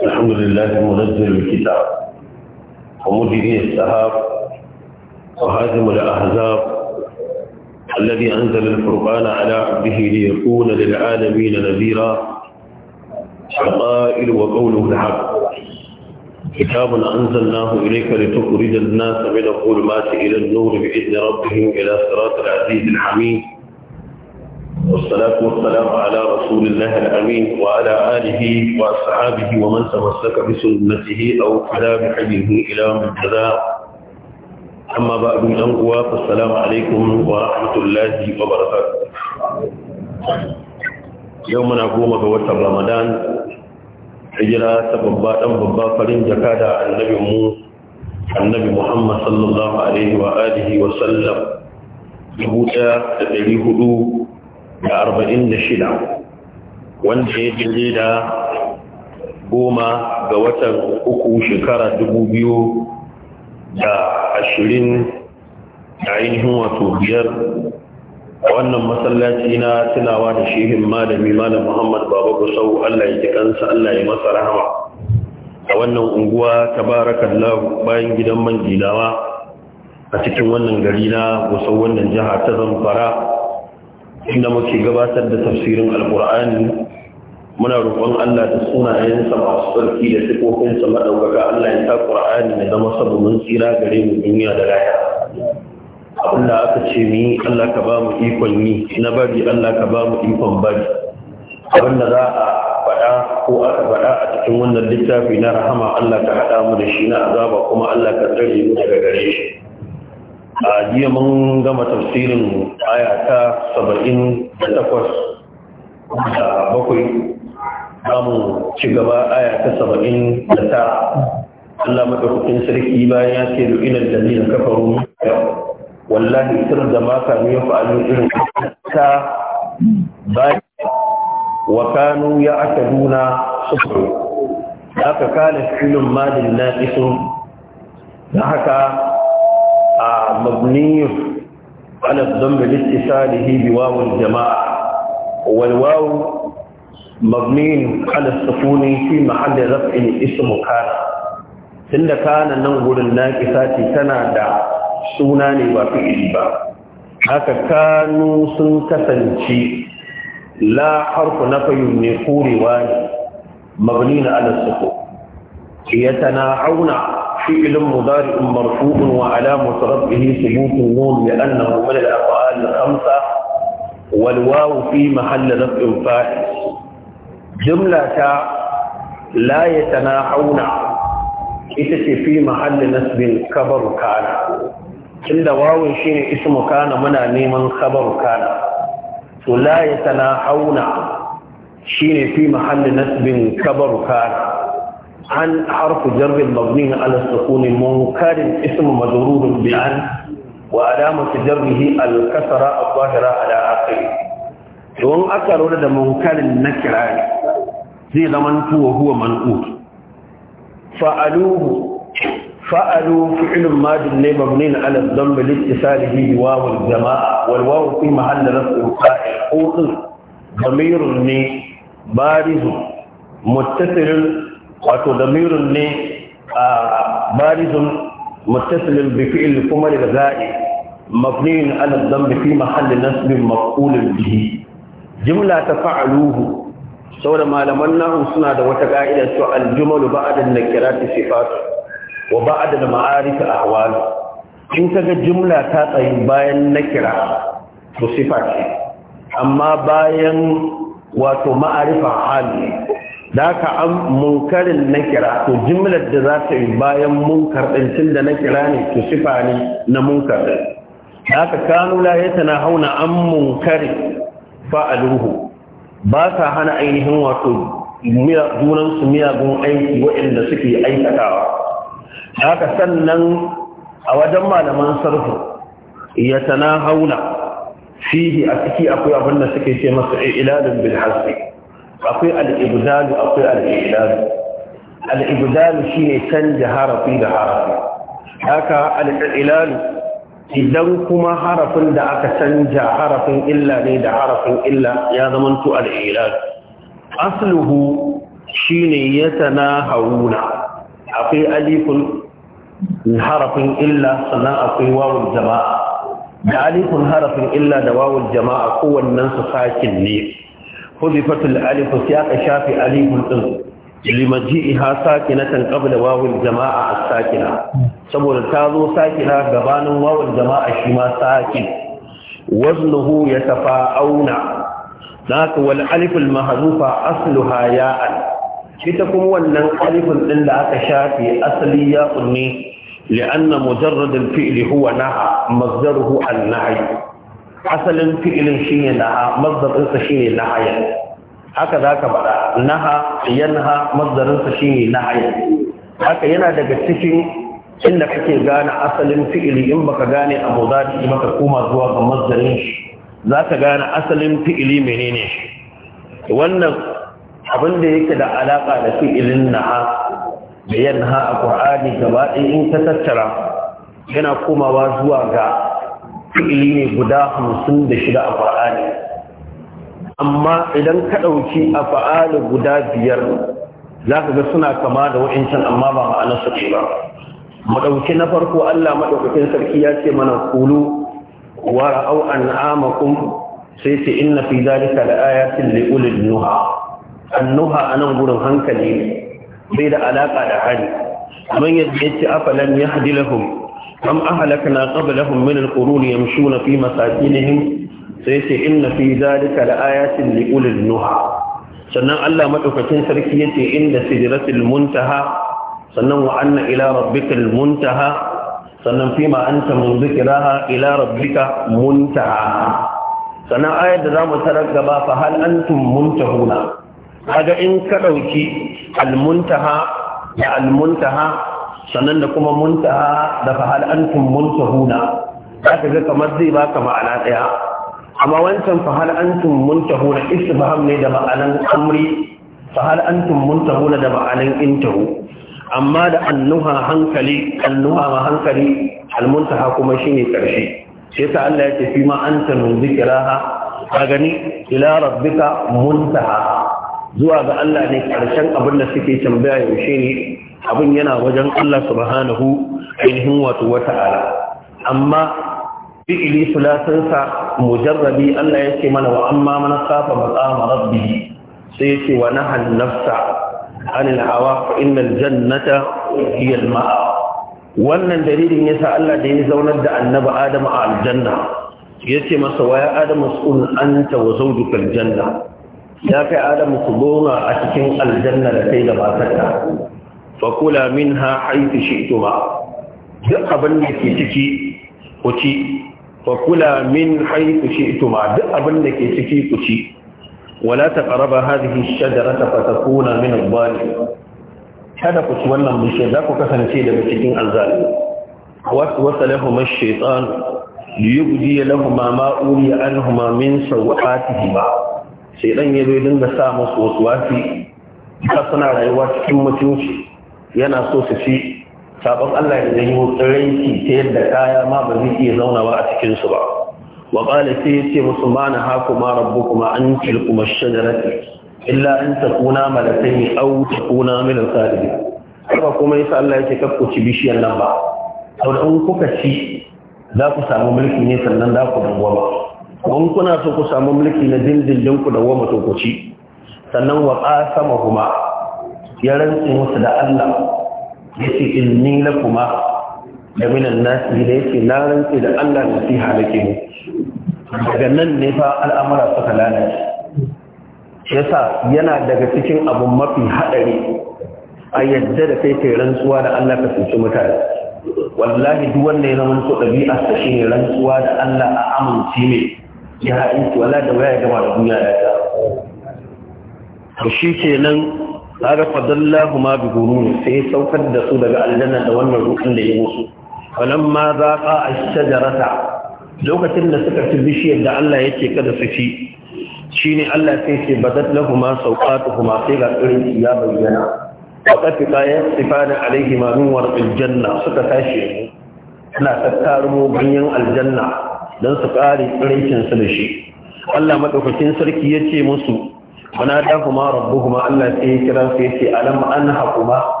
الحمد لله منزل الكتاب ومجري السحاب وهازم الأحزاب الذي أنزل القران على عبده ليكون للعالمين نذيرا القائل وقوله الحق كتاب أنزلناه إليك لتخرج الناس من الظلمات إلى النور بإذن ربهم إلى صراط العزيز الحميد والصلاة والسلام على رسول الله الأمين وعلى آله وأصحابه ومن تمسك بسنته أو فلا بحديه إلى من جزاء أما بعد من أنقوى فالسلام عليكم ورحمة الله وبركاته يومنا قوم بوت رمضان هجرة سببا أم ببا فلن جكادا النبي مو النبي محمد صلى الله عليه وآله وسلم يهودا تدري هدوء da arba'in da shida wanda ya jire da goma ga watan uku shekara dubu biyu da ashirin da ainihin wato biyar wannan masallaci na tunawa da shehin malami malam muhammad baba gusau allah ya ji kansa allah ya masa rahama a wannan unguwa tabarakallah bayan gidan man gidawa a cikin wannan gari na gusau wannan jiha ta zamfara inda muke gabatar da tafsirin alkur'ani muna roƙon Allah da sunayensa masu tsarki da sifofinsa maɗaukaka Allah ya sa Qur'ani ya zama sabon tsira gare mu duniya da lahira abin da aka ce ni Allah ka ba mu ikon yi na bari Allah ka ba mu ikon bari abin da za a faɗa ko aka faɗa a cikin wannan littafi na rahama Allah ka haɗa mu da shi na azaba kuma Allah ka tsare mu daga gare shi a jiya mun gama tafsirin aya ta saba'in da takwas da bakwai za mu ci gaba aya ta saba'in da ta Allah maɗaukakin sarki bayan ya ce ina da zai kafaru wallahi sir da maka ne fa'alu irin ta bayan wa kanu ya aka nuna sufuru aka kala filin madin na iso da haka مبني على الضم لاتصاله بواو الجماعة والواو مبني على السكون في محل رفع اسم كان تند كان ننقل الناقصات تنادى سنان وفعل با haka kanu sun kasance la harfu na fayin ne kurewa ne mabni na alasako ya tana auna فعل مضارع مرفوع وعلامة ربه سيوت النون لأنه من الأفعال الخمسة والواو في محل رفع فاعل جملة لا يتناحون itace fi mahalli nasbin kabar inda wawun shine ismu muna neman kabar kana to la yatanahuna shine fi mahalli nasbin kabar عن حرف جر المبني على السكون منكر اسم مجرور بعن وعلامة جره الكسرة الظاهرة على آخره وان أكثر ولد منكر النكرة زي لمن هو هو منقول فعلوه فعلوا فعل ماض مبني على الضم لاتصاله بواو الجماعة والواو في محل رفع القائل قوس ضمير بارز متصل wato damirun ne a barizun mutasilin bi fi'il kuma daga za'i mabniyun ala dhanbi fi mahalli nasbin makulin bihi jumla ta fa'aluhu saboda malaman nahu suna da wata ka'ida su al-jumalu ba'da an sifatu wa ba'da al-ma'arif ahwalu in ga jumla ta tsayi bayan nakira to sifa ce amma bayan wato ma'arifa hali da haka an munkarin na kira to jimlar da za ta yi bayan munkar ɗin tun da na kira ne to sifa ne na munkar ɗin da haka kanu la ya tana hauna an munkari fa'aluhu ba sa hana ainihin wato su miyagun aiki waɗanda suke aikatawa da sannan a wajen malaman sarfu ya tana hauna fihi a ciki akwai abin da suke ce masa ilalin bilhassi akwai al'ibdalu akwai al'ibdalu al'ibdalu shi ne canja harafi da harafi haka al'ilalu idan kuma harafin da aka canja harafin illa ne da harafin illa ya zamanto al'ilalu asluhu shi ne ya tana hauna akwai alifin harafin illa sannan akwai wawul jama'a da alifin harafin illa da wawul jama'a kowannensu sakin ne حذفت الألف سياق شاف أليف الأرض لمجيئها ساكنة قبل واو الجماعة الساكنة سبول تازو ساكنة قبان واو الجماعة شما ساكن وزنه يتفاعون ذاك والألف المحذوفة أصلها ياء كتكم وأن ألف إلا أكشافي أصلي ياء لأن مجرد الفعل هو نهى مصدره النهي asalin fi'ilin shi ne naha mazdarinsa shi ne nahaya haka za ka faɗa naha yanha mazdarinsa shi ne nahaya haka yana daga cikin inda kake gane asalin fi'ili in baka gane a mudari baka koma zuwa ga mazdarin shi za ka gane asalin fi'ili menene shi wannan abin da yake da alaƙa da fi'ilin naha da yanha a ƙur'ani gaba ɗaya in ta tattara yana komawa zuwa ga fi'ili ne guda hamsin da shida a fa'ali amma idan ka ɗauki a fa'ali guda biyar za ka ga suna kama da wa'incan amma ba a su ce ba mu ɗauki na farko allah maɗaukakin sarki ya ce mana kulu wa ra'au an'amakum sai ce inna fi zalika da ayatin li ulil nuha annuha anan gurin hankali bai da alaka da hari kamar yadda yace afalan yahdi lahum kam ahlakna qablahum min alquruni yamshuna fi masakinihim sai ce inna fi zalika laayatin liulil nuha sannan Allah madaukakin sarki yace inda sidratil muntaha sannan wa anna ila rabbikal muntaha sannan fi ma anta munzikiraha ila rabbika muntaha sannan ayar da zamu tarar gaba fa hal antum muntahuna kaga in ka dauki al muntaha ya al muntaha sannan da kuma muntaha da fahal antum muntahuna zaka ga kamar zai baka ma'ana ɗaya. amma wancan fahal antum muntahuna isbaham ne da ma'anan amri fahal Munta-huna da ma'anan intahu amma da annuha hankali annuha ma hankali almuntaha kuma shine ƙarshe sai ta Allah ya ce fi ma anta min zikraha ka gani ila rabbika muntaha zuwa ga Allah ne ƙarshen abin da suke tambaya yaushe ne abin yana wajen Allah subhanahu ainihin wato wata'ala amma fi'ili sulasansa mujarrabi Allah ce mana wa amma man safa maqama rabbi sai yake wa nahan nafsa anil hawa fa innal jannata hiya al ma'a wannan dalilin yasa Allah da ya zaunar da annabi Adam a aljanna yace masa wa ya Adam uskun anta wa zawjuka aljanna ya kai Adam ku a cikin aljanna da kai da matarka fakula min ha haitu shi ito ba duk abin da ke ciki ku ci fakula min haitu shi ito ba duk abin da ke ciki ku ci wala ta ƙaraba hadihi shajara ta fatakuna min albani kada ku ci wannan bishiyar za ku kasance daga cikin alzali wasu wasu lahumar shaitan ya lahuma ma a anhuma min sawatihima sai dan yazo dinga sa masu wasu wasi ka suna rayuwa cikin mutunci yana so su fi. sabon Allah ya janyo ranki ta yadda kaya ma ba zai iya ba a cikin su ba wa qala sai yace musu ma na ma rabbukuma an tilkuma shajarati illa an takuna malakaini aw takuna min al-salihin kuma kuma yasa Allah yake kakku ci bishiyar nan ba saboda in kuka ci za ku samu mulki ne sannan za ku dawwama in kuna so ku samu mulki na dindindin ku dawwama to sannan wa qasama huma ya rantse musu da Allah ya ce inni kuma. da minan nasi da yake na rantse da Allah nasiha nake ne daga nan ne fa al'amura suka lalace yasa yana daga cikin abu mafi haɗari a yadda da kai kai rantsuwa da Allah ka tsinci mutane wallahi duk wanda ya zama so ɗabi'a ta shi ne rantsuwa da Allah a amince ne ya haɗin wala da waya gama da duniya ya ta to shi kenan kaga fadallahu ma bi gurur sai saukar da su daga aljanna da wannan rukan da ya musu falamma zaqa ash-shajarata lokacin da suka ci bishiyar da Allah yake kada su ci shine Allah sai ce badat lahumu sauqatuhuma sai ga irin ya bayyana wa qafika yasifana alaihima min warqil janna suka tashi ana tattarumo ganyen aljanna don su ƙare tsiraicinsu da shi Allah maɗaukacin sarki ya ce musu wana da kuma rabbu kuma Allah sai ya kira su yace alam an hakuma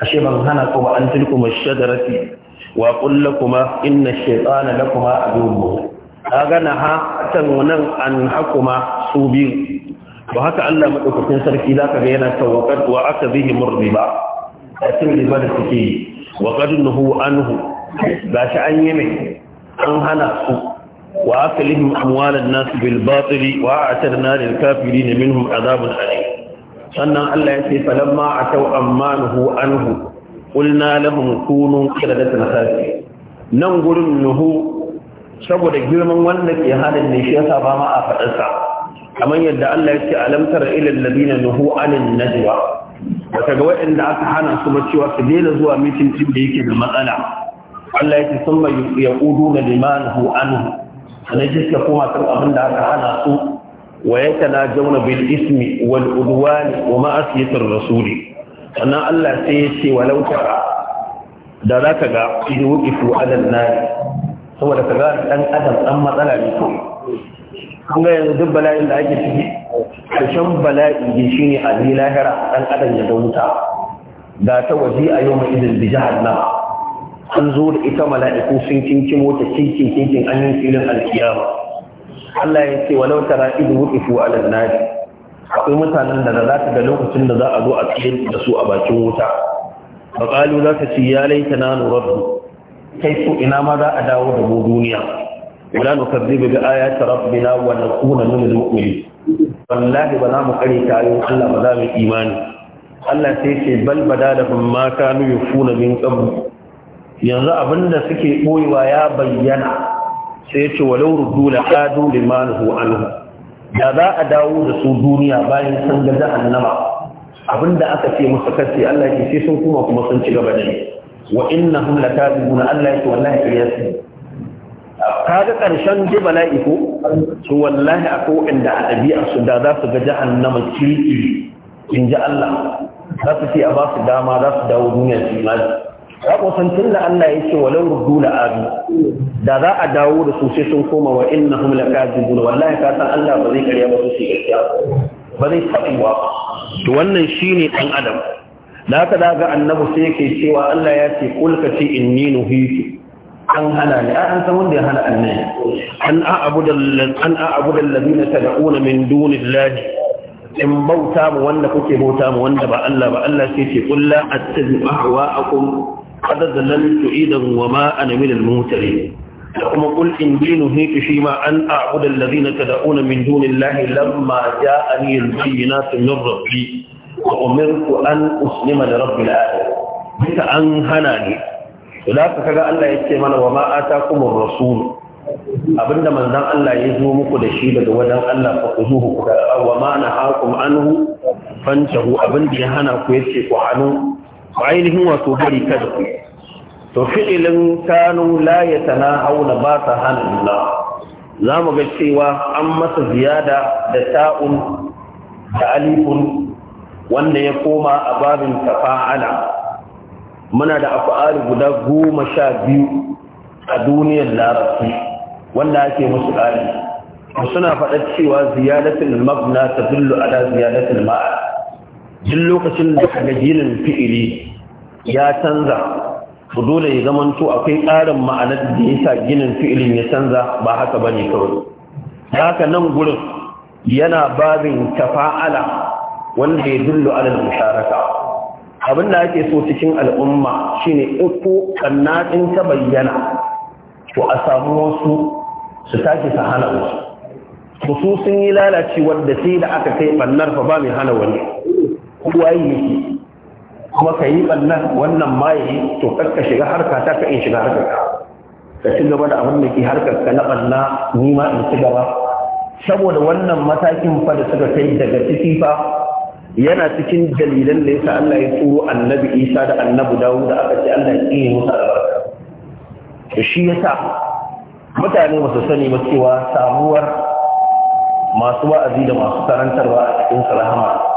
ashe ban hana kuma an tilkuma shajarati wa qul lakuma inna ash-shaytana lakuma aduwwun kaga na ha can wannan an hakuma su biyu ba haka Allah madaukakin sarki zaka ga yana tawakkat wa aka murriba asin riba da suke yi wa qad nuhu anhu gashi an yi mai an hana su wa aka lihim amwalan nasu bilbatiri wa a tattara na da kafiri ne minhum azabun ali sannan allah ya ce falon ma a kyau amma nuhu an hu ulna lahum kunun kiradata na sati nan gurin nuhu saboda girman wanda ke halin ne shi yasa ba ma a faɗarsa kamar yadda allah ya ce alamtar ilil labina nuhu anin najwa wata ga waɗanda aka hana su ba cewa su daina zuwa mitin da yake da matsala allah ya ce sun mai yaƙudu na limanuhu anhu sannan ka koma kan abin da aka hana su wa yatana jauna bil ismi wal udwan wa ma'asiyatir rasuli sannan Allah sai ya ce walau tara da ka ga idan wuqifu ala nar saboda kaga dan adam dan matsala ne to kun ga yanzu duk bala'in da ake ciki karshen bala'i ne shine a lahira dan adam ya dauta da ta waje a yau mai izin bi an zo da ita mala'iku sun kinkimo ta kinkin kinkin an yi filin alkiyama Allah ya ce walau tara idu wuqifu ala nadi akwai mutanen da za ta ga lokacin da za a zo a cikin da su a bakin wuta faqalu za ta ce ya laita na nuraddu kai so ina ma za a dawo da mu duniya wala nukazzibu bi ayati rabbina wa nakuna min al wallahi ba za mu kare tayin Allah ba za mu imani Allah sai ce bal badalahum ma kanu yufuna min qabl yanzu abin da suke boyewa ya bayyana sai ya ce walau rudu la qadu limanhu anhu da za a dawo da su duniya bayan sun annaba. Abin da aka ce musu kace Allah ya ce sun kuma kuma sun ci gaba da ni wa inna innahum lakadibuna Allah ya ce wallahi kariya su kaga karshen ji bala'i ko Su wallahi a akwai da a ɗabi'a su da za su ga jahannama kirki in ji Allah za su ce a ba su dama za su dawo duniya su imani ya kusan tun da Allah ya ce walau ruddu la abi da za a dawo da su sai sun koma wa innahum lakazibun wallahi ka san Allah ba zai karya ba su shi gaskiya ba zai ba. to wannan shine dan adam da haka daga ga annabi sai yake cewa Allah ya ce kul ka ce inni nuhitu an hana ni an san wanda ya hana annabi an a'budu an a'budu alladhina tad'una min dunillahi in bauta mu wanda kuke bauta mu wanda ba Allah ba Allah sai ce kullu attabi'u ahwa'akum qad dallan tu'idan wa ma ana min al-mumtarin da kuma qul in dinu shi ma an a'budu alladhina tad'una min dunillahi lamma ja'ani al-bayyinatu min rabbi wa umirtu an uslima li rabbil alamin bisa an hana ni to da kaga Allah yace mana wa ma rasulu. rasul abinda manzan Allah ya zo muku da shi daga wajen Allah fa ku zuhu ku da wa ma na hakum anhu hu abinda ya hana ku yace ku hanu ba ainihin wato bari kada ku to fi'ilin kanu la na ba ta hana juna za mu ga cewa an masa ziyada da ta'un da alifun wanda ya koma a babin tafa'ala muna da afa'ali guda goma sha biyu a duniyar larabci wanda ake musu ƙari suna faɗa cewa ziyadatul magna ta dullu ala ziyadatul ma'a duk lokacin da kaga fi'ili ya canza to dole ya zamanto akwai ƙarin ma'anar da yasa ginin fi'ilin ya canza ba haka ba ne kawai haka nan gurin yana babin tafa'ala wanda ya dullo alal musharaka abin da ake so cikin al'umma shine uku kanna in ta bayyana to a samu wasu su tashi su hana wasu su sun yi lalacewar wanda sai da aka kai bannar fa ba mai hana wani waye ne yake kuma ka yi ɓannan wannan maye to ka shiga harka ta ka in shiga harka. ka ka ci gaba da abin da ke harkar ka na ɓanna ni ma in ci gaba saboda wannan matakin fa da suka kai daga ciki fa yana cikin dalilan da yasa Allah ya turo annabi Isa da annabi Dawud da aka ce Allah ya yi musu albarka to shi yasa mutane ba su sani ba cewa samuwar masu wa'azi da masu karantarwa a cikin salama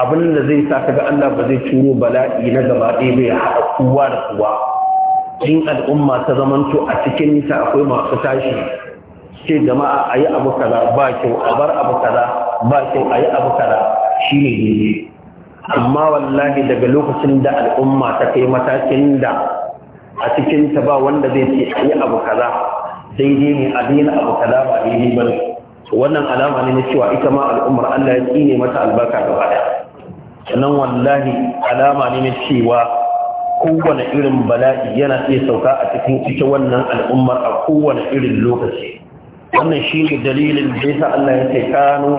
abin da zai sa ga Allah ba zai turo bala'i na gaba ɗaya bai haɗa kowa da kowa in al'umma ta zamanto a cikin nisa akwai masu tashi ce jama'a a yi abu kaza ba kyau a bar abu kaza ba kyau a yi abu kaza shi ne daidai amma wallahi daga lokacin da al'umma ta kai matakin da a cikin ta ba wanda zai ce a yi abu kaza daidai ne a daina abu kaza ba daidai ba ne wannan alama ne na cewa ita ma al'ummar Allah ya tsine mata albarka gaba ɗaya sannan wallahi alama ne na cewa kowane irin bala'i yana iya sauka a cikin ita wannan al'ummar a kowane irin lokaci wannan shi ne dalilin da yasa Allah ya ce kanu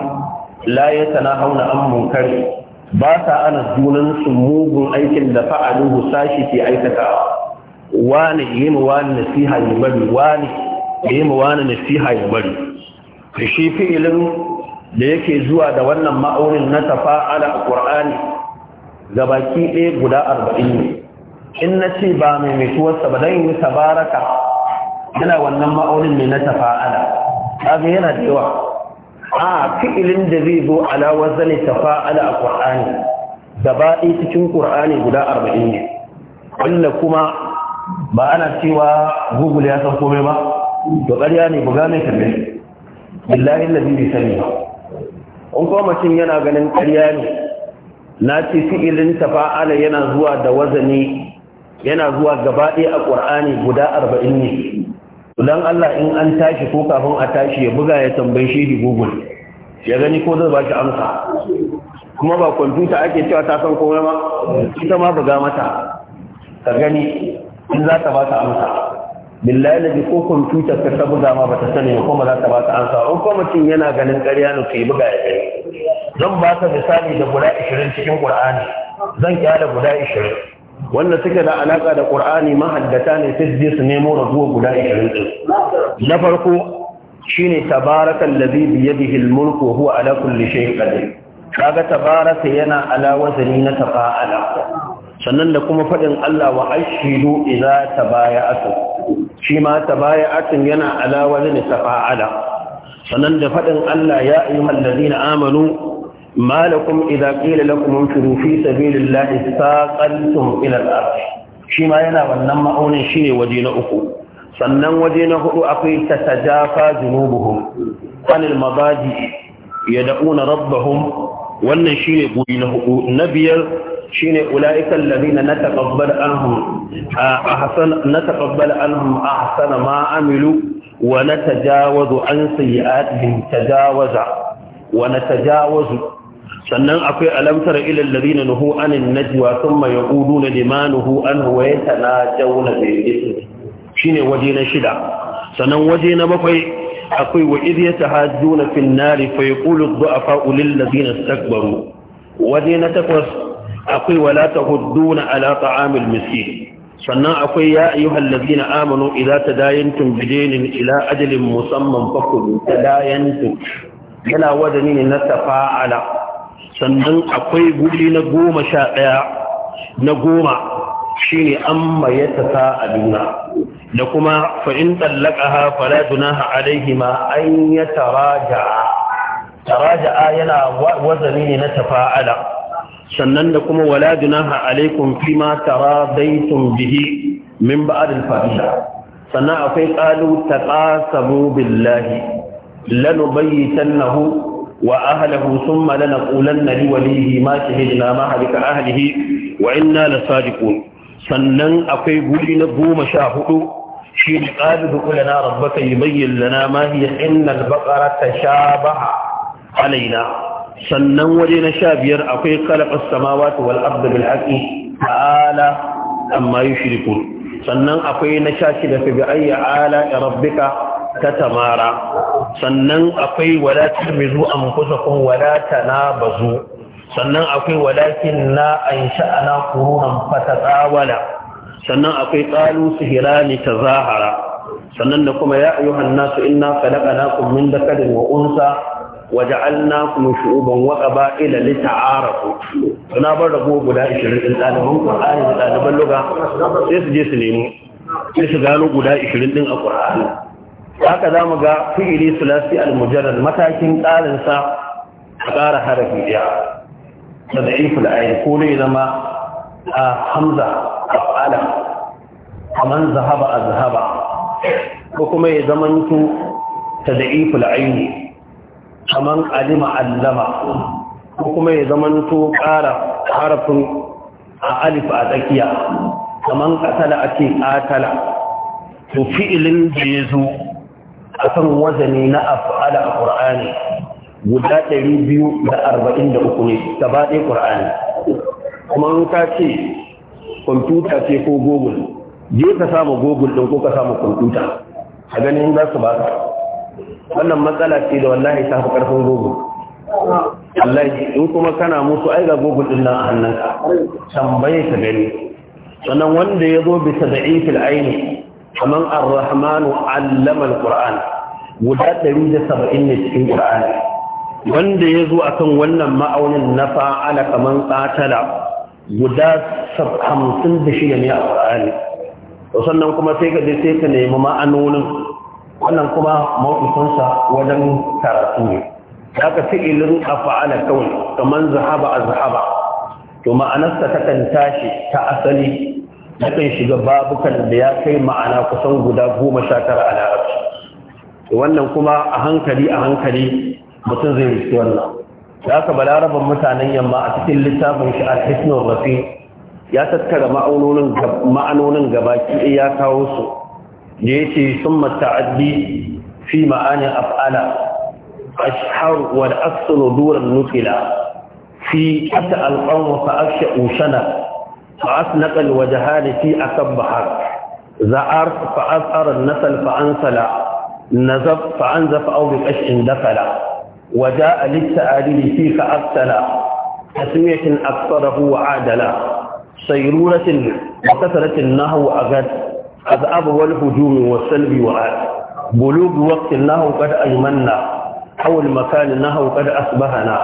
la ya tana hauna an munkar ba sa ana junan su mugun aikin da fa'aluhu sashi ke aikatawa wani yi mu wani nasiha ya bari wani yi mu wani nasiha ya bari shi fi'ilin da yake zuwa da wannan ma'aurin na tafa'ala a ƙur'ani ga baki ɗaya guda arba'in ne in na ce ba mai mutuwarsa ba don yi tabaraka yana wannan ma'aurin ne na tafa'ala kaga yana da yawa a fi'ilin da zai zo ala wazali tafa'ala a ƙur'ani gaba ɗaya cikin ƙur'ani guda arba'in ne wanda kuma ba ana cewa google ya san komai ba to ƙarya ne buga mai tambaye billahi lalzi bai sani ba in kuma mutum yana ganin ƙarya ne na ce fi'ilin tafa'ala yana zuwa da wazani yana zuwa gabaɗe a ƙur'ani guda arba'in ne don Allah in an tashi ko kafin a tashi ya buga ya tambayi shi google ya gani ko zai ba shi amsa kuma ba kwamfuta ake cewa ta san komai ma ita ma buga mata ka gani in za ta ba ta amsa billahi da ko kwamfuta ka ta buga ma ba ta sani ko ma za ta ba ta amsa in kuma mutum yana ganin ƙarya ne ka yi buga ya gani zan ba ka misali da guda 20 cikin Qur'ani zan kyala guda 20 wanda suke da alaƙa da Qur'ani mahaddata ne sai je su nemo raguwa guda 20 na farko shine tabarakal ladhi bi yadihi al-mulk wa huwa ala kulli shay'in qadir kaga tabaraka yana ala wazani na tafa'ala sannan da kuma fadin Allah wa ashidu idza tabaya'atu shi ma tabaya'atun yana ala wazani tafa'ala sannan da faɗin Allah ya ayyuhal ladina amanu ma lakum idza qila lakum infiru fi sabilillahi saqaltum ila al shi ma yana wannan ma'aunin ne waje na uku sannan waje na hudu akwai tatajafa junubuhum qanil mabadi yad'una rabbahum wannan shine guri na hudu na biyar shine ulaika alladhina na anhum ahsan nataqabbal a ahsana ma amilu wa natajawazu an sayyi'atihim tajawaza wa natajawazu sannan akwai alamtar ila alladhina nuhu anin najwa thumma yaquluna lima nuhu anhu wa yatanajawna bil Shi ne waje na shida sannan waje na bakwai akwai wa idh yatahajjuna fin nar fa yaqulu ad-du'afa lil ladina istakbaru waje na takwas akwai wala ta hudu na alaƙa ta'amil miskin sannan akwai ya ayyuhal ladina amanu idza tadayantum bidaynin ila ajalin musamman fakulu tun. yana wadani ne na tafa'ala sannan akwai guri na goma sha ɗaya na goma an amma ta tafa aduna da kuma fa in tallaqaha fala junaha alaihima an yataraja taraja'a yana wazani ne na tafa'ala sannan da kuma wala junaha alaikum fima taradaitum bihi min ba'd al-fahisha sannan akwai qalu taqasamu billahi lanubayyitannahu wa ahlihi thumma lanaqulanna li walihi ma shahidna ma halika ahlihi wa inna lasadiqun sannan akwai guri na goma sha hudu shi ne ƙalibu kulana rabbaka yi bayyana ma hiya innal baqara tashabaha alaina sannan waje na sha biyar akwai kalafas samawati wal ardi bil haqqi ta'ala amma yushrikun sannan akwai na sha shida fi biayya ayi ala rabbika Tamara. sannan akwai wadatar zuwa wala tilmizu wadata na bazu. sannan akwai walakin na an sha'ana kurunan fatatawala sannan akwai qalu ta Zahara. sannan da kuma ya ayyuhan nasu inna khalaqnakum min dhakarin wa unsa waja'alnakum shu'uban wa qaba'ila lita'arafu na bar rabu guda 20 din ɗaliban Qur'ani da ɗaliban lugha sai su je su nemi sai su gano guda 20 din a Qur'ani haka za mu ga fi'ili sulasi al-mujarrad matakin ƙarin sa a ƙara harafi ɗaya da da'iful ayin ko ne zama a hamza a fa'ala zahaba a zahaba ko kuma ya zamantu ta da'iful ayin kaman alima allama ko kuma ya zamanto ƙara harafin a alif a tsakiya kaman ƙasala ake ƙatala to fi'ilin da ya zo a kan wazani na af'ala a ƙur'ani guda 243 ne gaba ɗaya ƙur'ani kuma in ka ce kwamfuta ce ko google je ka samu google ɗin ko ka samu kwamfuta a ganin za su ba ka wannan matsala ce da wallahi ta fi karfin google wallahi in kuma kana musu ai ga google din nan a hannunka tambaye ka gani sannan wanda ya zo bisa da ifil aini kaman ar-rahmanu allama al-qur'an guda 170 ne cikin qur'an. wanda ya zo akan wannan ma'aunin na fa'ala kaman qatala guda 56 ne a qur'ani sannan kuma sai ka je sai ka nemi ma'anonin wannan kuma mawukinsa wajen karatu ne daga fi'ilin afa'ala kawai kamar zahaba a zahaba to ma'anarsa ta kan tashi ta asali na kan shiga babukan da ya kai ma'ana kusan guda goma sha tara a larabci wannan kuma a hankali a hankali mutum zai rufe wannan da aka balaraban mutanen yamma a cikin littafin shi al-hisnur rafi ya tattara ma'anonin gabaki ya kawo su da ya sun mata'addi fi ma'anin af'ala a shahar wa da aksa lodurar nufila fi ƙasa alƙawar fa aksa ushana fa aksa naƙal wa jihari a kan bahar za'ar fa aksar nasal fa an sala na zaf fa an zafa auri ƙashin dafala wa ja a lissa adili fi fa aksala a tsimiyakin aksarahu wa adala sairuratin makasaratin nahu a gad azab wal hujum wa salbi wa ad bulug waqti nahu qad ajmanna aw al makan nahu qad asbahana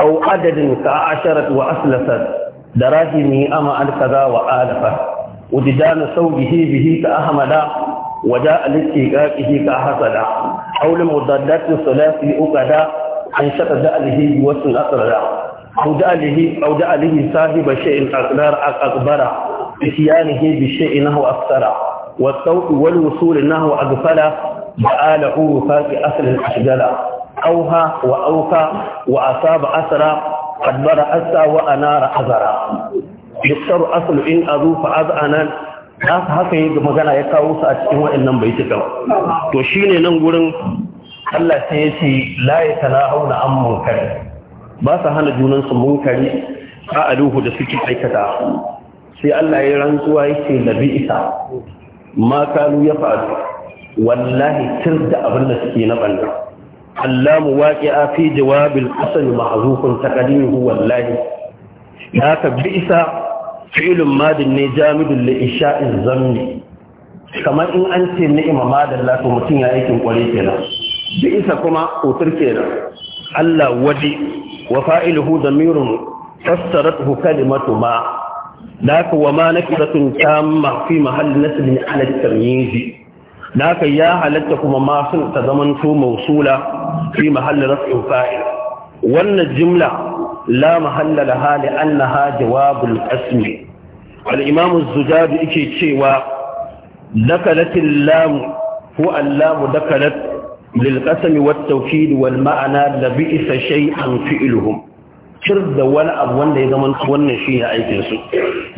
aw adadin ka asharat wa aslasat darahimi ama al kaza wa alafa bihi ka وجاء لاتقاقه كحسدا حول مضادات ثلاثي أكدا عن شتد أله وسن أقردا أو دأله صاحب شيء أقدار أكبر إتيانه بالشيء نهو أكثر والطوء والوصول نهو أغفل بآل عوفا في أصل الأشجار أوها وأوكى وأصاب أسرى قدر أسى وأنار أذرى يكسر أصل إن أذوف أذأنا da haka yi ga magana ya kawo su a cikin waɗannan bai tuka to shine nan gurin Allah ta ya ce la na tanahuna an munkari ba su hana junansu munkari a aluhu da suke aikata sai Allah ya rantsuwa yake nabi isa ma ya faru wallahi tir da abin da suke na banda allamu waƙi waqi'a fi jawabil asal ma'zufun taqdimuhu wallahi ya ka bi isa Filin madin ne jamidul li isha'iz zanni kamar in an ce ni'ima da to mutum ya aikin kware kenan bi isa kuma kotar kenan Allah wadi wa fa'iluhu damirun fassarathu kalimatu ma da aka wa ma na kiratun kyamma fi mahalli na su ne ala tsamiyin ji da ya halatta kuma masu ta zaman mausula fi mahalli na su wannan jimla la mahalla hali an na ha jawabul asmi al'imamu zujabi cewa dakalatin lamu ko allamu dakalat lil kasami wa tawkid wal ma'ana la an fi ilhum. cir da wani abu wanda ya zama wannan shi ne aikinsu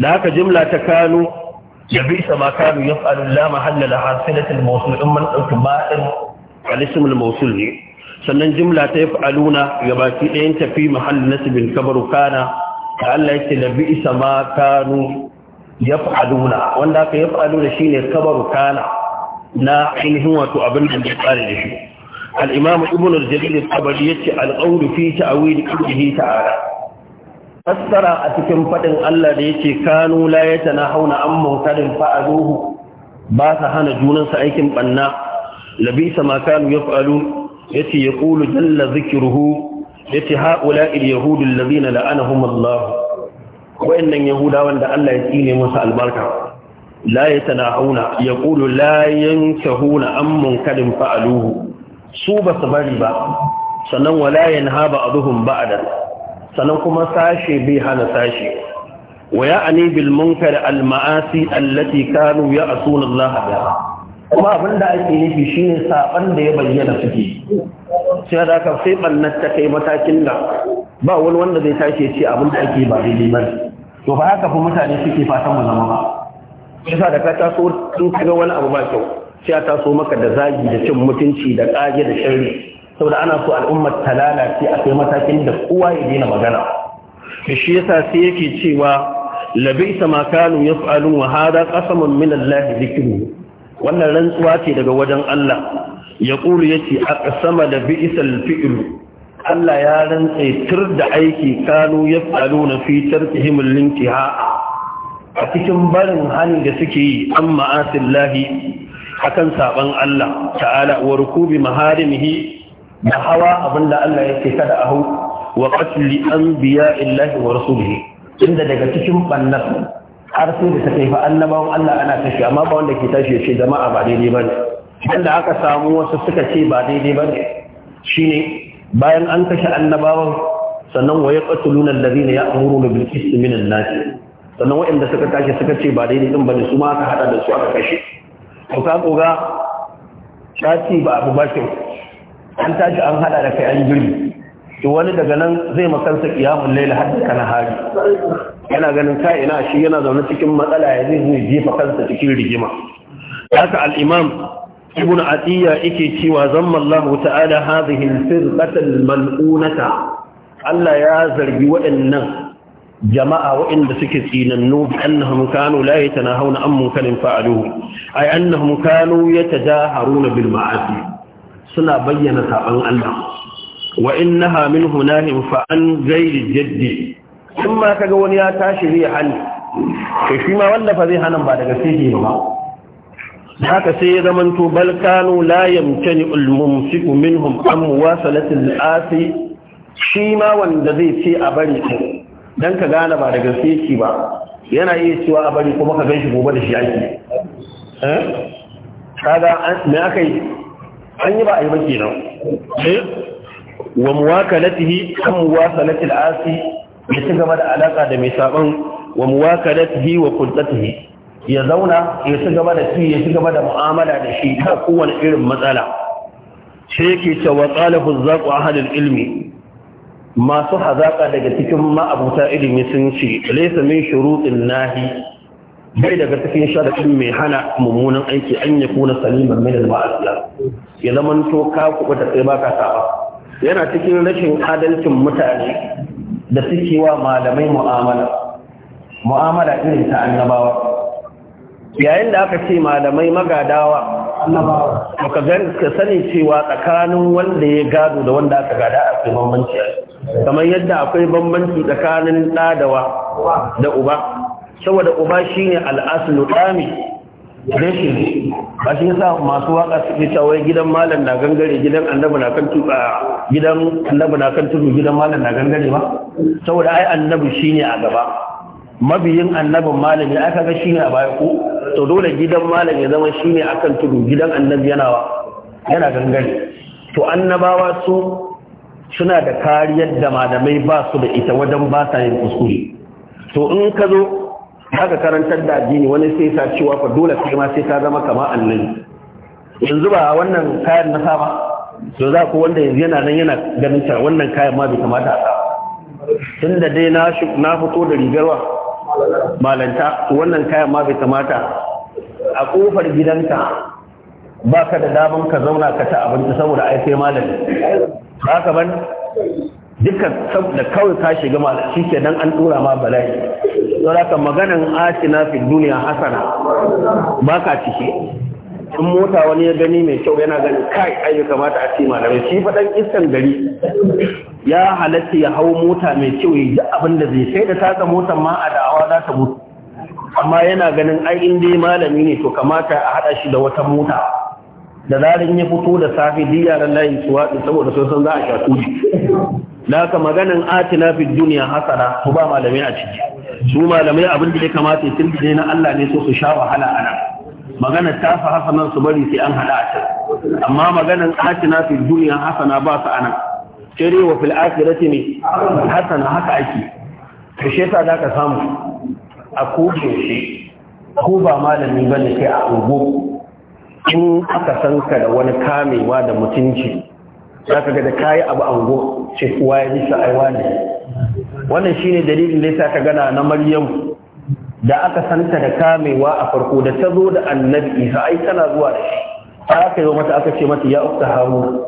da haka jimla ta kano da bi sa ma kano ya faru la mahalla la hasilatul mawsul in man dauki ma'in alisimul mawsul ne sannan jimla ta yaf'aluna ya baki ɗayan tafi mahallu nasibin kabaru kana da Allah yake da bi sa ma kano yaf'aluna wanda aka yaf'aluna shine kabaru kana na ainihin wato abin da ya tsare da shi al-imam ibn al-jalil al-tabari yace al-qawlu fi ta'wil qawlihi ta'ara. fassara a cikin faɗin Allah da ya yace kanu la yatanahawna an munkarin fa'aluhu ba sa hana junan su aikin banna labisa ma kanu yaf'alun yace yaqulu jalla Ya ce ha'ula'i al-yahudu alladhina la'anahum Allah wayannan Yahuda wanda Allah ya tsine musu albarka la yatanahuna yaqulu la yankahuna an munkarin fa'aluhu su ba su bari ba sannan abuhun ba a da sannan kuma sashe bai hana sashe wa ya'ani bil munkar al ma'asi allati kanu ya'suna Allah biha kuma abinda ake nufi shine saban da ya bayyana suke sai da ka sai bannar ta kai matakin da ba wani wanda zai tashi ce abinda ake ba daidai ba to ba haka fi mutane suke fatan mu zama ba yasa da ka taso tun kaga wani abu ba kyau sai ta so maka da zagi da cin mutunci da ƙage da shirri saboda ana so al'ummar ta lalace a kai matakin da kowa ya daina magana da shi yasa sai yake cewa labaita ma kanu yaf'alun wa hada qasamun min Allah zikru wannan rantsuwa ce daga wajen Allah ya ƙuru ya ce a sama da Allah ya rantse tur da aiki kanu ya na fitar himin linki ha a cikin barin hani da suke yi an ma'asin akan saban Allah ta'ala wa rukubi maharimihi da hawa abinda Allah yake kada a hau wa qatli anbiya illahi wa rasulihi inda daga cikin bannan har sai da take fa annabawan Allah ana tashi amma ba wanda ke tashi ya ce jama'a ba daidai bane inda aka samu wasu suka ce ba daidai bane shine bayan an kashe annabawan sannan wa yaqtuluna alladhina ya'muruna bil qisti minan nas sannan waɗanda suka tashi suka ce ba daidai din bane su ma aka hada da su aka kashe to ka koga ba abu ba kyau an tashi an hada da kai an girbi to wani daga nan zai makansa kiyamun laila har da kana hari yana ganin ka ina shi yana zaune cikin matsala ya zai zai jefa kansa cikin rigima haka al-imam ibn atiya yake cewa zamma Allah ta'ala hadhihi al-firqata al-mal'unata Allah ya zargi waɗannan jama'a waɗanda suke tsinannu bi annahum kanu la yatanahawna an munkarin fa'aluhu ay annahum kanu yatajaharuna bil ma'asi suna bayyana saban Allah wa innaha min hunahim fa an ghairi jaddi in ma kaga wani ya tashi zai hali to shi ma wanda fa zai hanan ba daga sihi ba haka sai ya zamanto bal kanu la yamtani al mumsiku minhum am wasalati al asi shi ma wanda zai ce a bari dan ka gane ba da gaske yake ba yana iya cewa a bari kuma ka ganshi gobe da shi ake eh kaga me akai an yi ba a yi ba kenan eh? wa muwakalatihi kan muwasalati al-asi ya ci gaba da alaka da mai saban wa muwakalatihi wa qudratihi ya zauna ya ci gaba da ci ya ci gaba da mu'amala da shi ta kowane irin matsala sai yake cewa qalahu zaqu ahadul ilmi masu hazaƙa daga cikin ma'abuta ilimi sun ce laisa min shurutin nahi bai daga cikin sharaɗin mai hana mummunan aiki an ya kuna saliman min al-ma'asiya ya zama to ka kuɓa ta kai baka saba yana cikin rashin adalcin mutane da suke wa malamai mu'amala mu'amala irin ta annabawa yayin da aka ce malamai magadawa annabawa ka gani ka sani cewa tsakanin wanda ya gado da wanda aka gada fi bambanci kamar yadda akwai bambanci tsakanin da da wa da uba saboda uba shine al'aslu dami ne ba shi yasa masu waka suke cewa gidan malam na gangare gidan annabi na kan tuka gidan annabi na kan tudu gidan malam na gangare ba saboda ai annabi shine a gaba mabiyin annabin malami aka ga shi ne a baya ko to dole gidan malam ya zama shi ne akan tudu gidan annabi yana yana gangare to annabawa su suna da kariyar da malamai ba su da ita wajen ba sa yin kuskure to in ka zo haka karantar da addini wani sai sa cewa fa dole kai ma sai ka zama kamar annabi yanzu ba wannan kayan na saba to za ku wanda yanzu yana nan yana ganin wannan kayan ma bai kamata a sa tunda dai na fito da rigarwa malanta wannan kayan ma bai kamata a kofar gidanka ba ka da daban ka zauna ka ta abinci saboda ai sai malami ba ka ban dukkan da kawai ka shiga malam shi ke dan an tura ma bala'i don haka maganan asina fi duniya hasana ba ka cike in mota wani ya gani mai kyau yana ganin kai ayyuka mata a ci malami, shi faɗan iskan gari ya halatta ya hau mota mai kyau ya ji abin da zai sai da tasa motar ma a da'awa za ta mutu amma yana ganin ai in dai malami ne to kamata a haɗa shi da wata mota da zarin ya fito da safe duk yaran layin su waɗi saboda sun san za a sha kuji da haka maganin atina fi duniya hasara su ba malami a ciki su malamai abin da ya kamata ya tilbe na Allah ne so su sha wahala a nan ta fi hasanar su bari sai an hada a can amma maganin atina fi duniya hasana ba su a sai wa fil akhirati ne na haka ake Kashe ta za ka samu a koke shi ko ba malami bane sai a ungo in aka san ka da wani kamewa da mutunci zaka ga da kayi abu ango ce kuwa ya bisa aiwa ne wannan shine dalilin da yasa ka gana na Maryam da aka santa da kamewa a farko da ta zo da Annabi Isa ai tana zuwa da shi aka yi mata aka ce mata ya ukta haru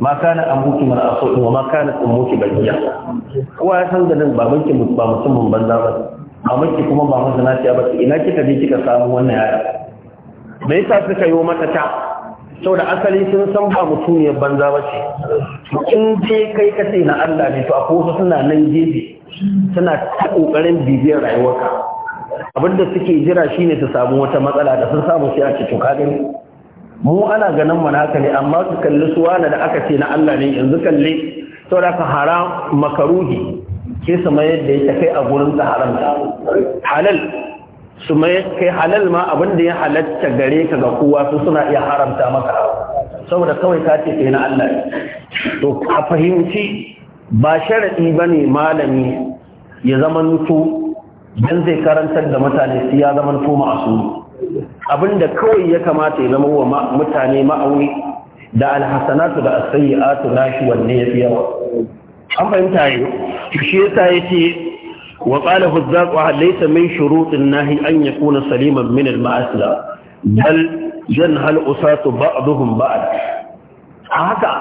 ma kana amuki mana aso wa ma kana ummuki bakiya kowa ya san da nan babanki ba mutumin banza ba mamanki kuma ba mazana ta ba ina kika je kika samu wannan yara? me yasa suka yi mata ta saboda asali sun san ba mutumiyar banza ba ce in je kai ka ce na Allah ne to a kosa suna nan gefe suna ta kokarin bibiyar rayuwarka abinda suke jira shine su samu wata matsala da sun samu sai a cikin to gani mu ana ganin mu naka ne amma su kalli su na da aka ce na Allah ne yanzu kalli to da ka haram makaruhi ke su mayar da ya kai a gurin ta haramta halal su mayar kai halal ma abin da ya halatta gare ka ga kowa su suna iya haramta maka saboda kawai ka ce kai na Allah ne to a fahimci ba sharaɗi ba ne malami ya zamanto dan zai karantar da mutane su ya zamanto ma'asumi abinda kawai ya kamata ya zama wa mutane ma'auni da alhassanatu da asayyatu nashi wanne ya fi yawa an fahimta yi shi yasa yace wa qala huzzaq wa laysa min shurutin nahi an yakuna saliman min al-ma'asla bal yanhal usatu ba'dhum ba'd haka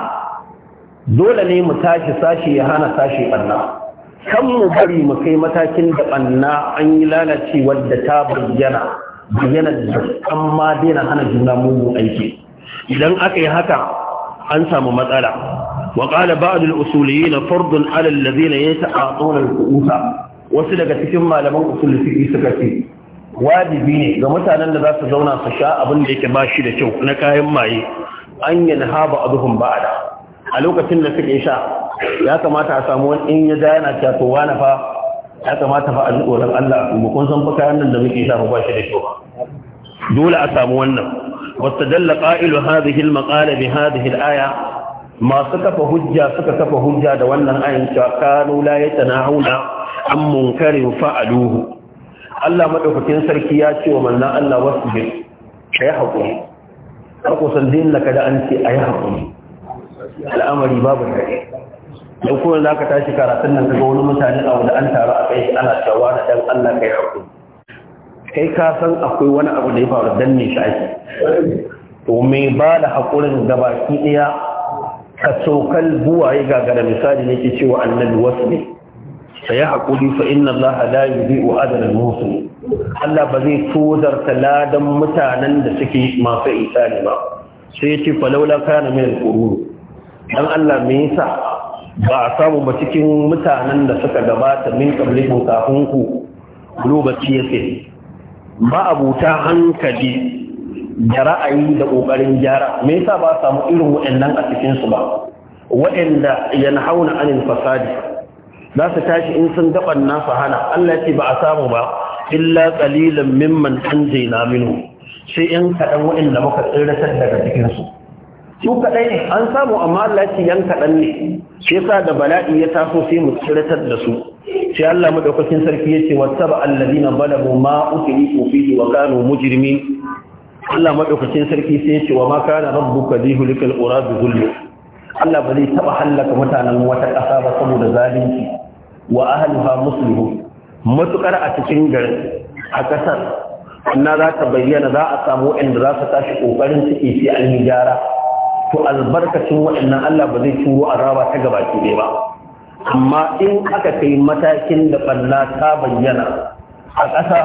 dole ne mu tashi sashi ya hana sashi banna kan mu bari mu kai matakin da banna an yi wadda ta bayyana bayyana da amma daina hana juna mugun aiki idan aka yi haka an samu matsala wa qala ba'd al-usuliyyin fardun 'ala alladhina yata'atuna al-qu'usa wasu daga cikin malaman usuli fiqh suka ce wajibi ne ga mutanen da za su zauna su sha abin da yake bashi da kyau na kayan maye an yanha ba'dhum ba'da a lokacin da suke sha ya kamata a samu wani in ya ja yana cewa to wani fa ya kamata fa a tsoron Allah a kuma kun san fa kayan nan da muke sha ba shi da kyau dole a samu wannan واستدل قائل هذه المقالة بهذه الآية Masu kafa hujja suka kafa hujja da wannan ayin cewa kanu la yatanahuna an munkarin fa'aluhu Allah madaukakin sarki ya ce wa manzon Allah wasbir kai hakuri ko san din laka da an ce ayi hakuri al'amari babu tare don kuma za ka tashi karatun nan ga wani mutane abu da an taru a kai shi ana cewa da dan Allah kai haku kai ka san akwai wani abu da ya faru dan ne shi ake to me ba da hakurin baki ɗaya. ka tsokal buwaye gagara misali ne ke cewa annabi wasu ne sai ya haƙuri fa inna Allah la yudhi'u ajra musu Allah ba zai tozar ladan mutanen da suke masu isani ba sai ya ce falaula kana mai kururu. dan Allah me yasa ba a samu ba cikin mutanen da suka gabata min qablikum kafin ku lokaci yake ba abuta hankali da ra'ayi da ƙoƙarin gyara me yasa ba samu irin waɗannan a cikin su ba waɗanda yanhauna anil fasadi za su tashi in sun gaban nasu hana Allah ce ba a samu ba illa qalilan mimman anjayna minhu sai in kaɗan waɗanda muka tsiratar daga cikin su su kaɗai ne an samu amma Allah yan kaɗan ne shi yasa da bala'i ya taso sai mu tsiratar da su sai Allah madaukakin sarki ya ce wattaba alladina balagu ma ukriku fihi wa kanu mujrimin Allah madaukakin sarki sai ya ce wa ma kana rabbuka lihlikal qura bi Allah ba zai taba halaka mutanen wata ƙasa ba saboda zalunci wa ahliha muslimun matukar a cikin gari. a ƙasar na za ta bayyana za a samu inda za su tashi ƙoƙarin ciki sai an yi gyara to albarkacin waɗannan Allah ba zai turo azaba ta gabaki ɗaya ba amma in aka kai matakin da ɓanna ta bayyana a ƙasa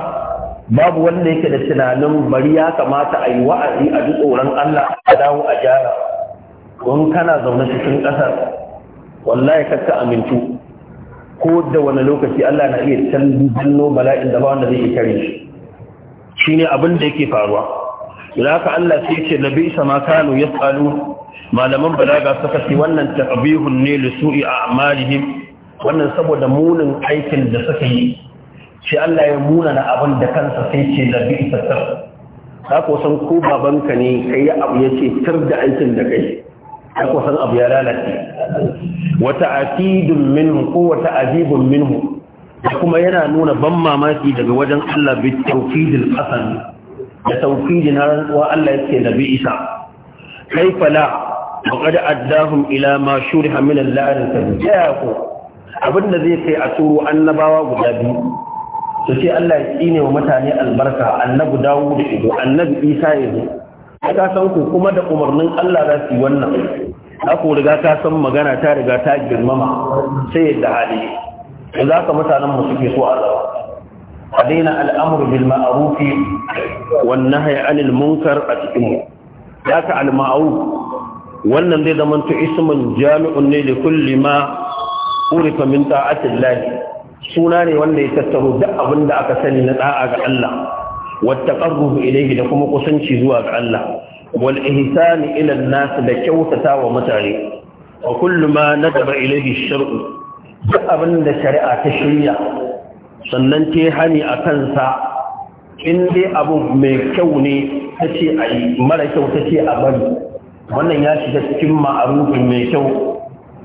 babu wanda yake da tunanin bari ya kamata a yi wa'azi a ji tsoron Allah a dawo a gyara don kana zaune cikin ƙasar wallahi kakka amintu ko da wani lokaci Allah na iya canzo bala'in da ba wanda zai kare shi shine abin da yake faruwa idan ka Allah sai ce labi sama kanu yasalu malaman balaga suka ce wannan taqbihun ne li su'i a'malihim wannan saboda munin aikin da suka yi shi Allah ya muna na abin da kansa sai ce da bi fatar ka ko san ko babanka ne kai abu yace tar da aikin da kai ka ko san abu ya lalace wa ta'kidun minhu ko wa ta'zibun minhu kuma yana nuna ban mamaki daga wajen Allah bi tawfidil qasam da tawfidin rantsuwa Allah yake da bi isa kai fala وقد أداهم ila ما شرح من اللعن الكبير يا أخو da zai kai a turo annabawa guda biyu su ce Allah ya tsine wa mutane albarka annabi dawo da annabi isa ya zo ka san ku kuma da umarnin Allah za su yi wannan aku riga ka san magana ta riga ta girmama sai da hali da za ka mutanen mu suke so Allah a daina al'amur bil ma'arufi wan nahyi anil munkar a ya ka wannan zai zama to ismun jami'un ne da kulli ma urifa min ta'atin lahi suna ne wanda ya tattaro duk abin da aka sani na ɗa'a ga Allah wata ƙarruhu ilaihi da kuma kusanci zuwa ga Allah wal ihsani ila nas da kyautata wa mutane wa kullu ma nadaba ilaihi shar'u duk abin da shari'a ta shirya sannan ta hani a kansa in dai abu mai kyau ne ta ce a yi mara kyau ta ce a bari wannan ya shiga cikin ma'arufin mai kyau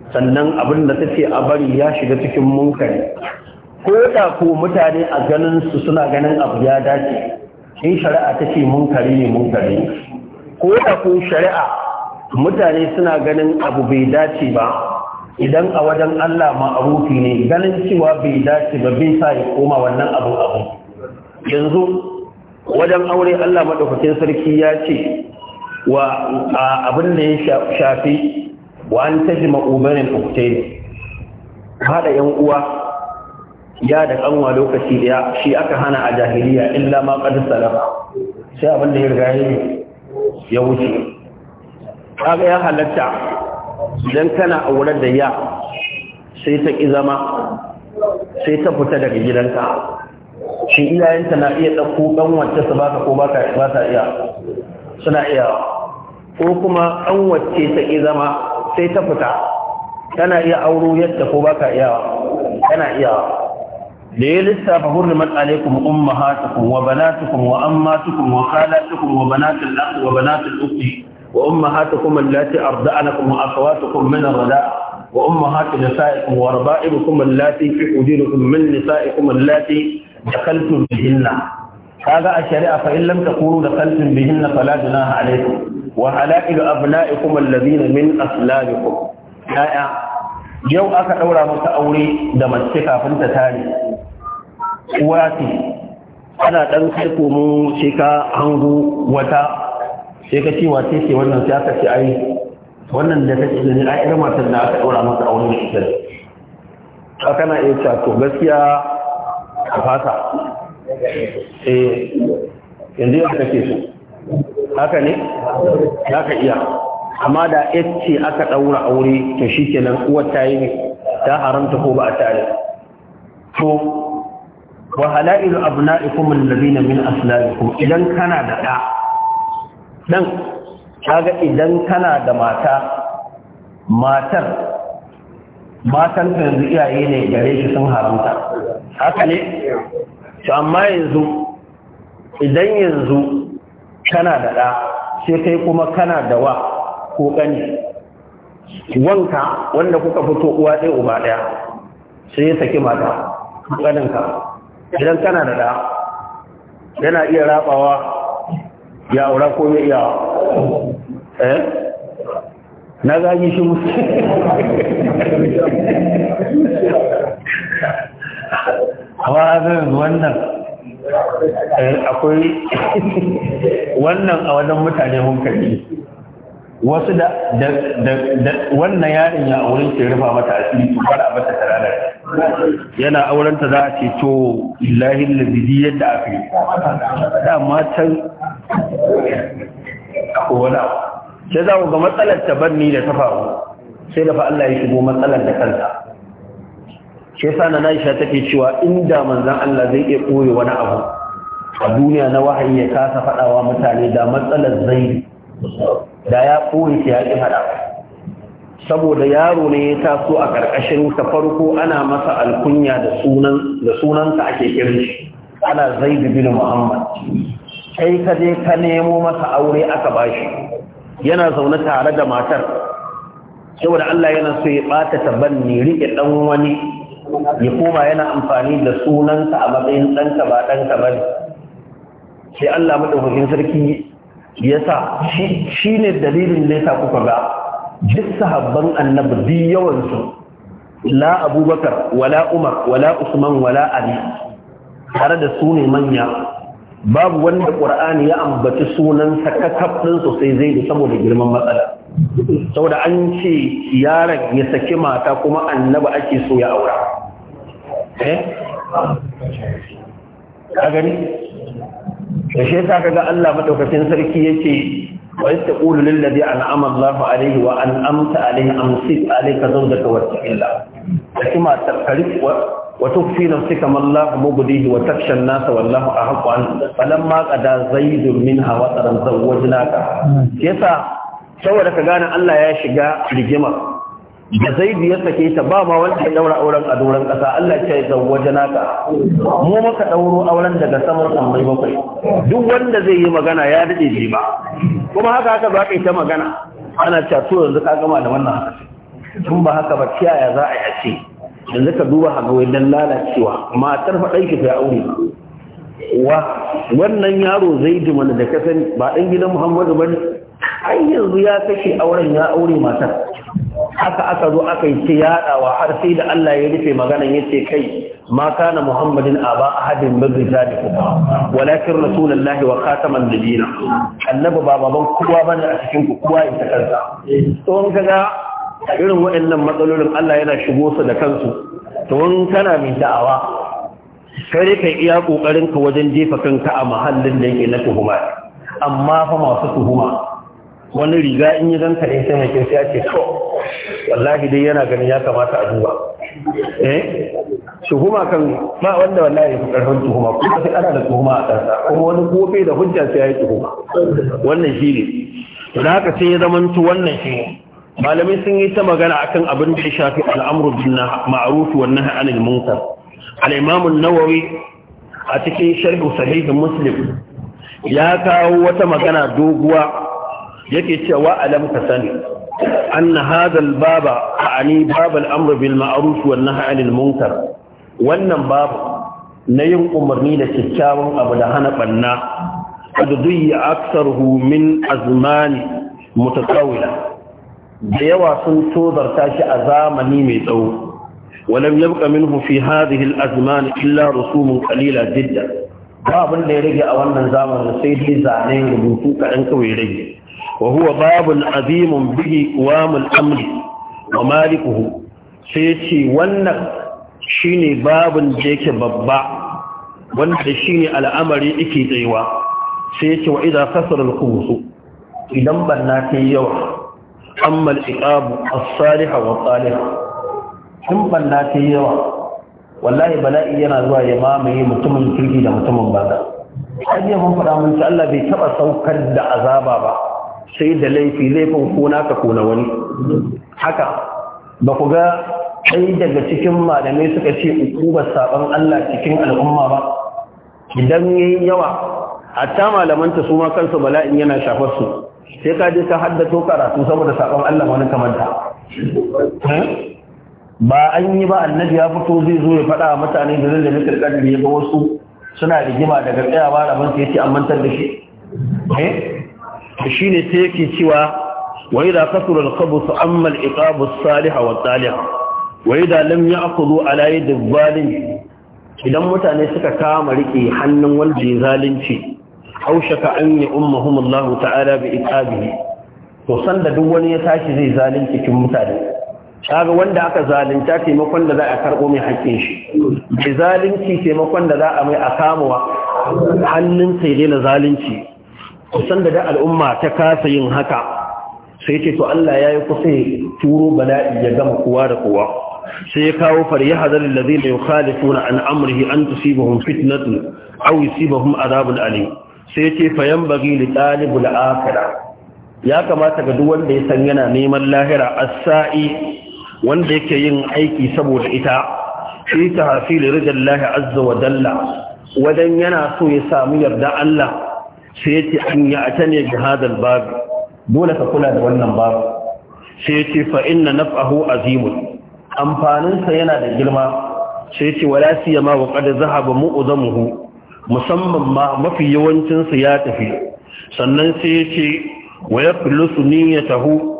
sannan abin da take a bari ya shiga cikin munkari ko da ko mutane a ganin su suna ganin abu ya dace in shari'a ta ce munkari ne munkari ko da ko shari'a mutane suna ganin abu bai dace ba idan a wajen Allah ma'arufi ne ganin cewa bai dace ba bai sa ya koma wannan abu abu yanzu wajen aure Allah madaukakin sarki ya ce wa abin da ya shafi wa an taji ma'ubarin uktai haɗa yan uwa ya da kanwa lokaci ɗaya, shi aka hana a jahiliya illa ma ƙadu salama sai abin da ya riga ya wuce kaga ya halatta idan kana a wurar da ya sai ta ƙi zama sai ta fita daga gidanka shi iyayenta na iya ɗauko ɗan wacce su baka ko ba ta iya suna iya ko kuma an wacce ta ƙi zama sai ta fita tana iya auro yadda ko baka iyawa tana iyawa da ya lissafa hurrimat alaikum ummahatukum wa banatukum wa ammatukum wa khalatukum wa banatul akh wa banatul ukhti wa ummahatukum allati arda'anakum wa akhawatukum min ar-rada'a وأمهات نسائكم وربائبكم اللاتي في حجوركم من نسائكم اللاتي دخلتم بهن kaga a shari'a fa in lam takunu da qalbin bihin fala junaha alaikum wa halailu abna'ikum alladhina min aslabikum ya'ya yau aka daura maka aure da mace kafin ta tare uwa ana dan kai komo sai ka hango wata sai ka ce wace ce wannan sai aka ce ai wannan da kake da ai irin matar da aka daura maka aure da ita haka na iya cewa to gaskiya a fata eh yanzu yau kake so haka ne za ka iya amma da ce aka ɗaura aure to shi kenan uwar ta yi ta haramta ko ba a tare to wa halailu abna'ikum alladhina min aslaikum idan kana da ɗa dan kaga idan kana da mata matar matan da yanzu iyaye ne gare shi sun haramta haka ne to amma yanzu idan yanzu kana da ɗa sai kai kuma kana da wa ko ƙani wanka wanda kuka fito uwa ɗaya uba ɗaya sai ya saki mata ƙaninka idan kana da ɗa yana iya rabawa ya aura ko ya iya eh na gani shi musu abin wannan eh, akwai wannan a wajen mutane hunkari wasu da wannan yarin ya auren ke rufa mata asiri to fara mata tarana yana auren ta za a ce to illahi lalbidi yadda a fi Da matan akwai sai za mu ga matsalar ta banni da ta faru sai da fa Allah ya shigo matsalar da kanta shi yasa na Aisha take cewa inda manzon Allah zai iya koyi wani abu a duniya na wahayi ya kasa faɗawa mutane da matsalar zai da ya koyi ta yaƙi faɗa saboda yaro ne ya taso a ƙarƙashin ta farko ana masa alkunya da sunan da sunansa ake kiran shi ana zaid bin muhammad kai ka je ka nemo masa aure aka bashi yana zaune tare da matar saboda Allah yana so ya ban tabanni riƙe ɗan wani ya koma yana amfani da sunansa a matsayin ɗanka ba ɗanka ba sai Allah maɗaukakin sarki ya sa shi ne dalilin da ya sa kuka ga duk sahabban annabi biyu yawansu la abubakar wala umar wala usman wala ali tare da su ne manya babu wanda ƙur'ani ya ambaci sunansa kakafin sosai zai da saboda girman matsala saboda an ce yaron ya saki mata kuma Annabi ake so ya aura eh a gani da shi za kaga Allah madaukakin sarki yace wa yastaqulu lil ladhi an'ama Allahu alayhi wa an'amta daga amsik illa? zawjaka wattaqillah kuma tarkari wa tukfi nafsika ma Allah mubdihi wa taksha nasa nas a haƙo an falamma qada zaidun minha wa taran zawwajnaka ƙesa saboda ka gane Allah ya shiga rigimar da zaidu ya sake ta ba ma wanda ya daura auren a doron kasa Allah ya waje naka mu maka dauro auren daga saman sammai bakwai duk wanda zai yi magana ya dade ji ba kuma haka haka ba kai ta magana ana cewa to yanzu ka gama da wannan haka tun ba haka ba kiyaya za a yi a ce yanzu ka duba haka wai dan lalacewa matar fa ɗanki ta aure wa wannan yaro zaidu mana da ka sani ba dan gidan Muhammadu bane ai yanzu ya kashe auren ya aure matar haka aka zo aka yi ce yaɗawa har sai da Allah ya rufe maganan ya ce kai ma kana muhammadin a ba ahadin mazrita da kuma walakin rasulullahi wa khataman nabiyina annabi ba baban kowa bane a cikin ku in ita to in kaga irin waɗannan matsalolin Allah yana shigo su da kansu to in kana mai da'awa kai kai iya kokarin ka wajen jefa kanka a mahallin da yake na tuhuma amma fa masu tuhuma wani riga in yi zanta ne sai mai sai ce to wallahi dai yana ganin ya kamata a duba eh tuhuma kan ba wanda wallahi ya fi karfin tuhuma ko sai ana da tuhuma a kansa kuma wani kofe da hujja sai ya yi tuhuma wannan shi ne to da haka sai ya zamanto wannan shi ne malamai sun yi ta magana akan abin da ya shafi al'amru bin ma'ruf wa nahy anil munkar al nawawi a cikin sharh sahih muslim ya kawo wata magana doguwa yake cewa alam ka sani anna hadha baba ani bab al-amr bil ma'ruf wan nahy 'anil munkar wannan babu na yin umarni da kyakkyawan abu da hana banna qad duyi aktsaruhu min azmani mutatawila da yawa sun tozarta shi a zamani mai tsawo ولم يبق منه في هذه الأزمان إلا رسوم قليلة جدا باب da ya rage a wannan zamanin sai dai zanen rubutu kaɗan kawai rage wa huwa babul azimun bihi wamul amri wa malikuhu sai ce wannan shine babun da yake babba wanda shine al'amari yake tsayuwa sai ce wa idza kasara al-khubus idan banna ta yawa amma al-iqab as-salihah wa salihah kun banna ta yawa wallahi bala'i yana zuwa ya mamaye mutumin kirki da mutumin banza ajiya mun faɗa mun ci Allah bai taɓa saukar da azaba ba sai da laifi laifin ko naka kuna wani haka ba ku ga ai daga cikin malamai suka ce ukubar sabon Allah cikin al'umma ba idan yi yawa hatta malaman ta su ma kansu bala'in yana shafar su sai ka je ka haddato karatu saboda sabon Allah wani kamar ba an yi ba annabi ya fito zai zo ya faɗa mutane da zai da da ya ga wasu suna rigima daga tsayawa da sai ya mantar da shi to shine sai yake cewa wai da kasura al su amma al-iqab as-salih wa salih wa idza lam ya'khudhu ala da zalim idan mutane suka kama rike hannun wanda ya zalunci haushaka an ya ummahum Allah ta'ala bi iqabihi to sanda duk wani ya tashi zai zalunci cikin mutane kaga wanda aka zalunta taimakon da za a karɓo mai haƙƙin shi mai zalunci taimakon da za a mai a kamawa hannun sai daina zalunci kusan da al'umma ta kasa yin haka sai ce to Allah ya yi kusa turo bala'i ya gama kowa da kowa sai ya kawo farya hadarin da zai mai khalifuna an amurhi an tusibahun fitnatu aw yusibahum azabun Ali. sai ce fayan bagi ɗalibu talibul akhirah ya kamata ga duk wanda ya san yana neman lahira a sai wanda yake yin aiki saboda ita shi tahsil lahi azza wa dalla. wadan yana so ya samu yarda Allah sai ce, an ya atane bi hadal bab dole ka kula da wannan bab sai yace fa inna naf'ahu azimun amfanin sa yana da girma sai yace wala siyama wa qad mu hu? musamman ma mafi yawancin ya tafi sannan sai yace wa ya niyyatahu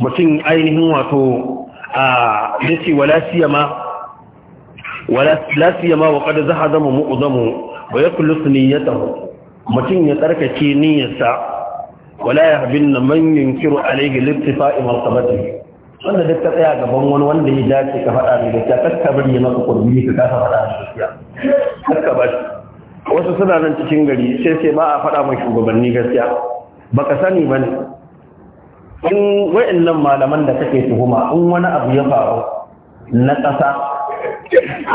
mutum ainihin wato a yace wala ma wala la siyama wa qad zahaba mu'zamuhu wa ya niyyatahu mutum ya tsarkake niyyarsa wala ya habin na manyan kiro alaihi littifa imar sabati wanda duk ka tsaya gaban wani wanda ya dace ka faɗa mai gaskiya kakka bari ya maka kurbi ka kasa faɗa mai gaskiya kakka bari wasu suna nan cikin gari sai sai ba a faɗa mai shugabanni gaskiya baka sani ba ne in wa'annan malaman da kake tuhuma in wani abu ya faru na ƙasa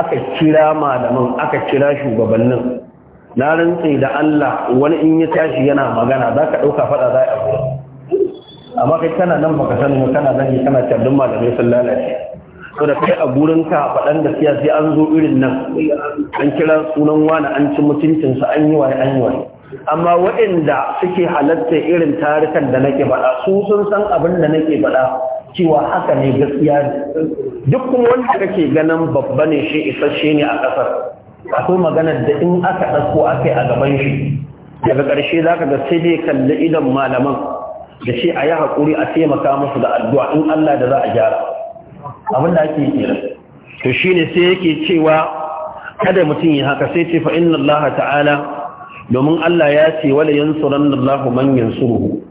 aka kira malaman aka kira shugabannin na rantse da Allah wani in ya tashi yana magana za ka ɗauka faɗa za a gurin amma kai kana nan baka sani mu kana zan yi kana cardin malamai sun lalace to da kai a gurin ka faɗan gaskiya sai an zo irin nan an kira sunan wani an ci mutuncinsa an yi wani an yi wani amma waɗanda suke halatta irin tarikan da nake faɗa su sun san abin da nake faɗa cewa haka ne gaskiya duk kuma wanda kake ganin babba ne shi isasshe ne a ƙasar akwai maganar da in aka aka yi a gaban shi daga ƙarshe za ka ga sai dai kalli idan malaman da shi a yi haƙuri a taimaka musu da addu'a in Allah da za a gyara abin da ake yi to shi ne sai yake cewa kada mutum yi haka sai ce fa Allah ta'ala domin Allah ya ce wala yansuran Allah manyan suruhu.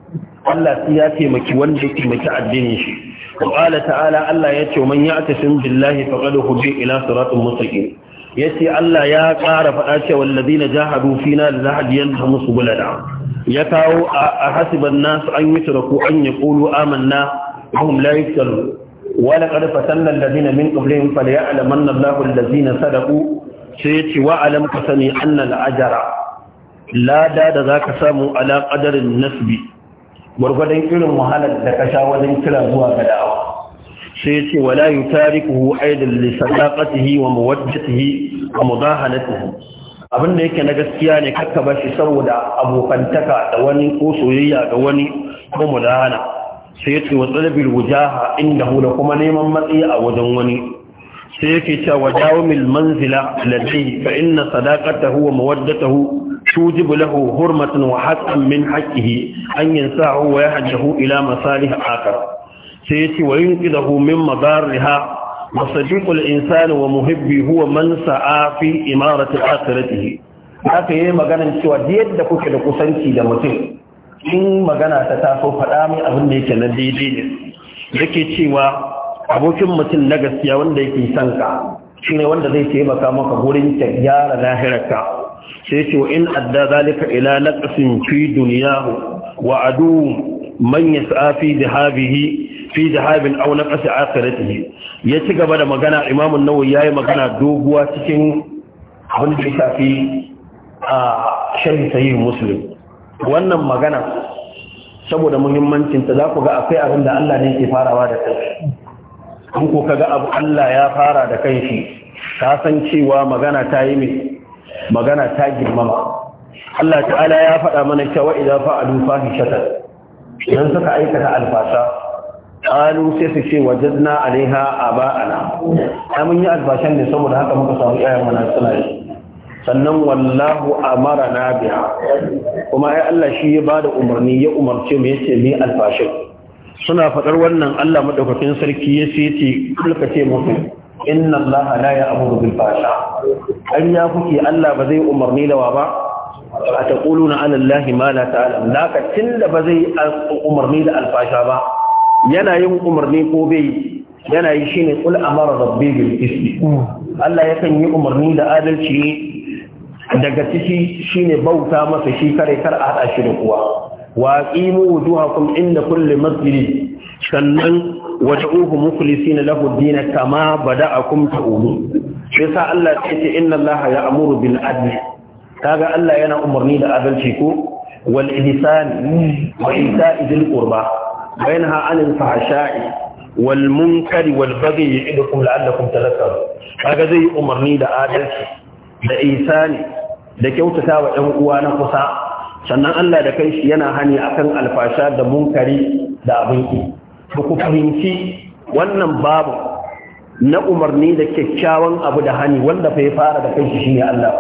Allah sai ya taimaki wanda ya taimaki addinin shi wa ta'ala Allah ya ce man ya'tasim billahi faqad ina ila musu mustaqim yace Allah ya ƙara faɗa cewa alladhina jahadu fina la hadiyanhum subulana ya kawo a hasiban nasu an yi turaku an yaqulu amanna wa hum la yaftarun wa laqad fatanna alladhina min qablihim falya'lamanna Allahu alladhina sadaqu ya yace wa alam sani anna al lada da zaka samu ala qadarin nasbi gurgurdan irin wahalar da ka sha wajen kira zuwa ga da'awa sai ce wala tarikuhu aidan li sadaqatihi wa muwaddatihi wa mudahanatihi abinda yake na gaskiya ne kakka bashi saboda abokantaka da wani ko soyayya ga wani ko mudahana sai ce wa talabil wujaha inda da kuma neman matsayi a wajen wani sai yake wa wajawmil manzila ladai fa inna sadaqatahu wa muwaddatahu توجب له هرمة وحقا من حقه أن ينساه ويهجه إلى مصالح آخر sai yace wa yunqidahu min madariha وصديق الإنسان ومحبه هو من سعى في إمارة yi. haka yayi maganar cewa da yadda kuke da kusanci da mutum in magana ta taso faɗa mai abin da yake na daidai ne ke cewa abokin mutum na gaskiya wanda yake san ka shine wanda zai taimaka maka gurin ta gyara lahirarka sai ce wa in adda zalika ila naqsin fi dunyahu wa adu man yas'a fi dhabihi fi zahabin aw naqasi akhiratihi ya ci gaba da magana Imam an-Nawawi yayi magana doguwa cikin abin da ya shafi a sharhi sahih Muslim wannan magana saboda muhimmancin ta za ku ga akwai abin da Allah ne ke farawa da kai in ko kaga abu Allah ya fara da kanshi ka san cewa magana ta yi mai magana ta girmama Allah ta'ala ya faɗa mana cewa idza fa'alu fahishatan idan suka aikata alfasa qalu sai su ce wajadna alaiha aba'ana ai mun yi albashan ne saboda haka muka samu iyayen mana suna yi sannan wallahu amarana biha kuma ai Allah shi ya bada umarni ya umarce mu yace mu albashin suna fadar wannan Allah madaukakin sarki yace yace kulka ce musu inna Allah la ya'muru bil fahsha an ya kuke Allah ba zai umarni da wa ba a taquluna ala Allah ma la ta'lamu ka tunda ba zai umarni da alfasha ba yana yin umarni ko bai yana yi shine qul amara rabbi bil qist Allah yakan yi umarni da adalci daga ciki shine bauta masa shi kare kar a hada shi da kuwa wa qimu wujuhakum inda kulli masjid sannan wad'uhu mukhlisina lahu ad-din kama bada'akum ta'udu sai sa Allah ya ce inna Allah ya'muru bil adli kaga Allah yana umarni da adalci ko wal ihsan wa ita'i dhil qurba وينهى عن الفحشاء والمنكر والبغي يعدكم لعلكم تذكرون kaga zai umarni da adalci da isani da kyautata wa ɗan uwa na kusa sannan Allah da kai shi yana hani akan alfasha da munkari da abin ki ku fahimci wannan babu na umarni da kyakkyawan abu da hani wanda fa ya fara da kai shi shine Allah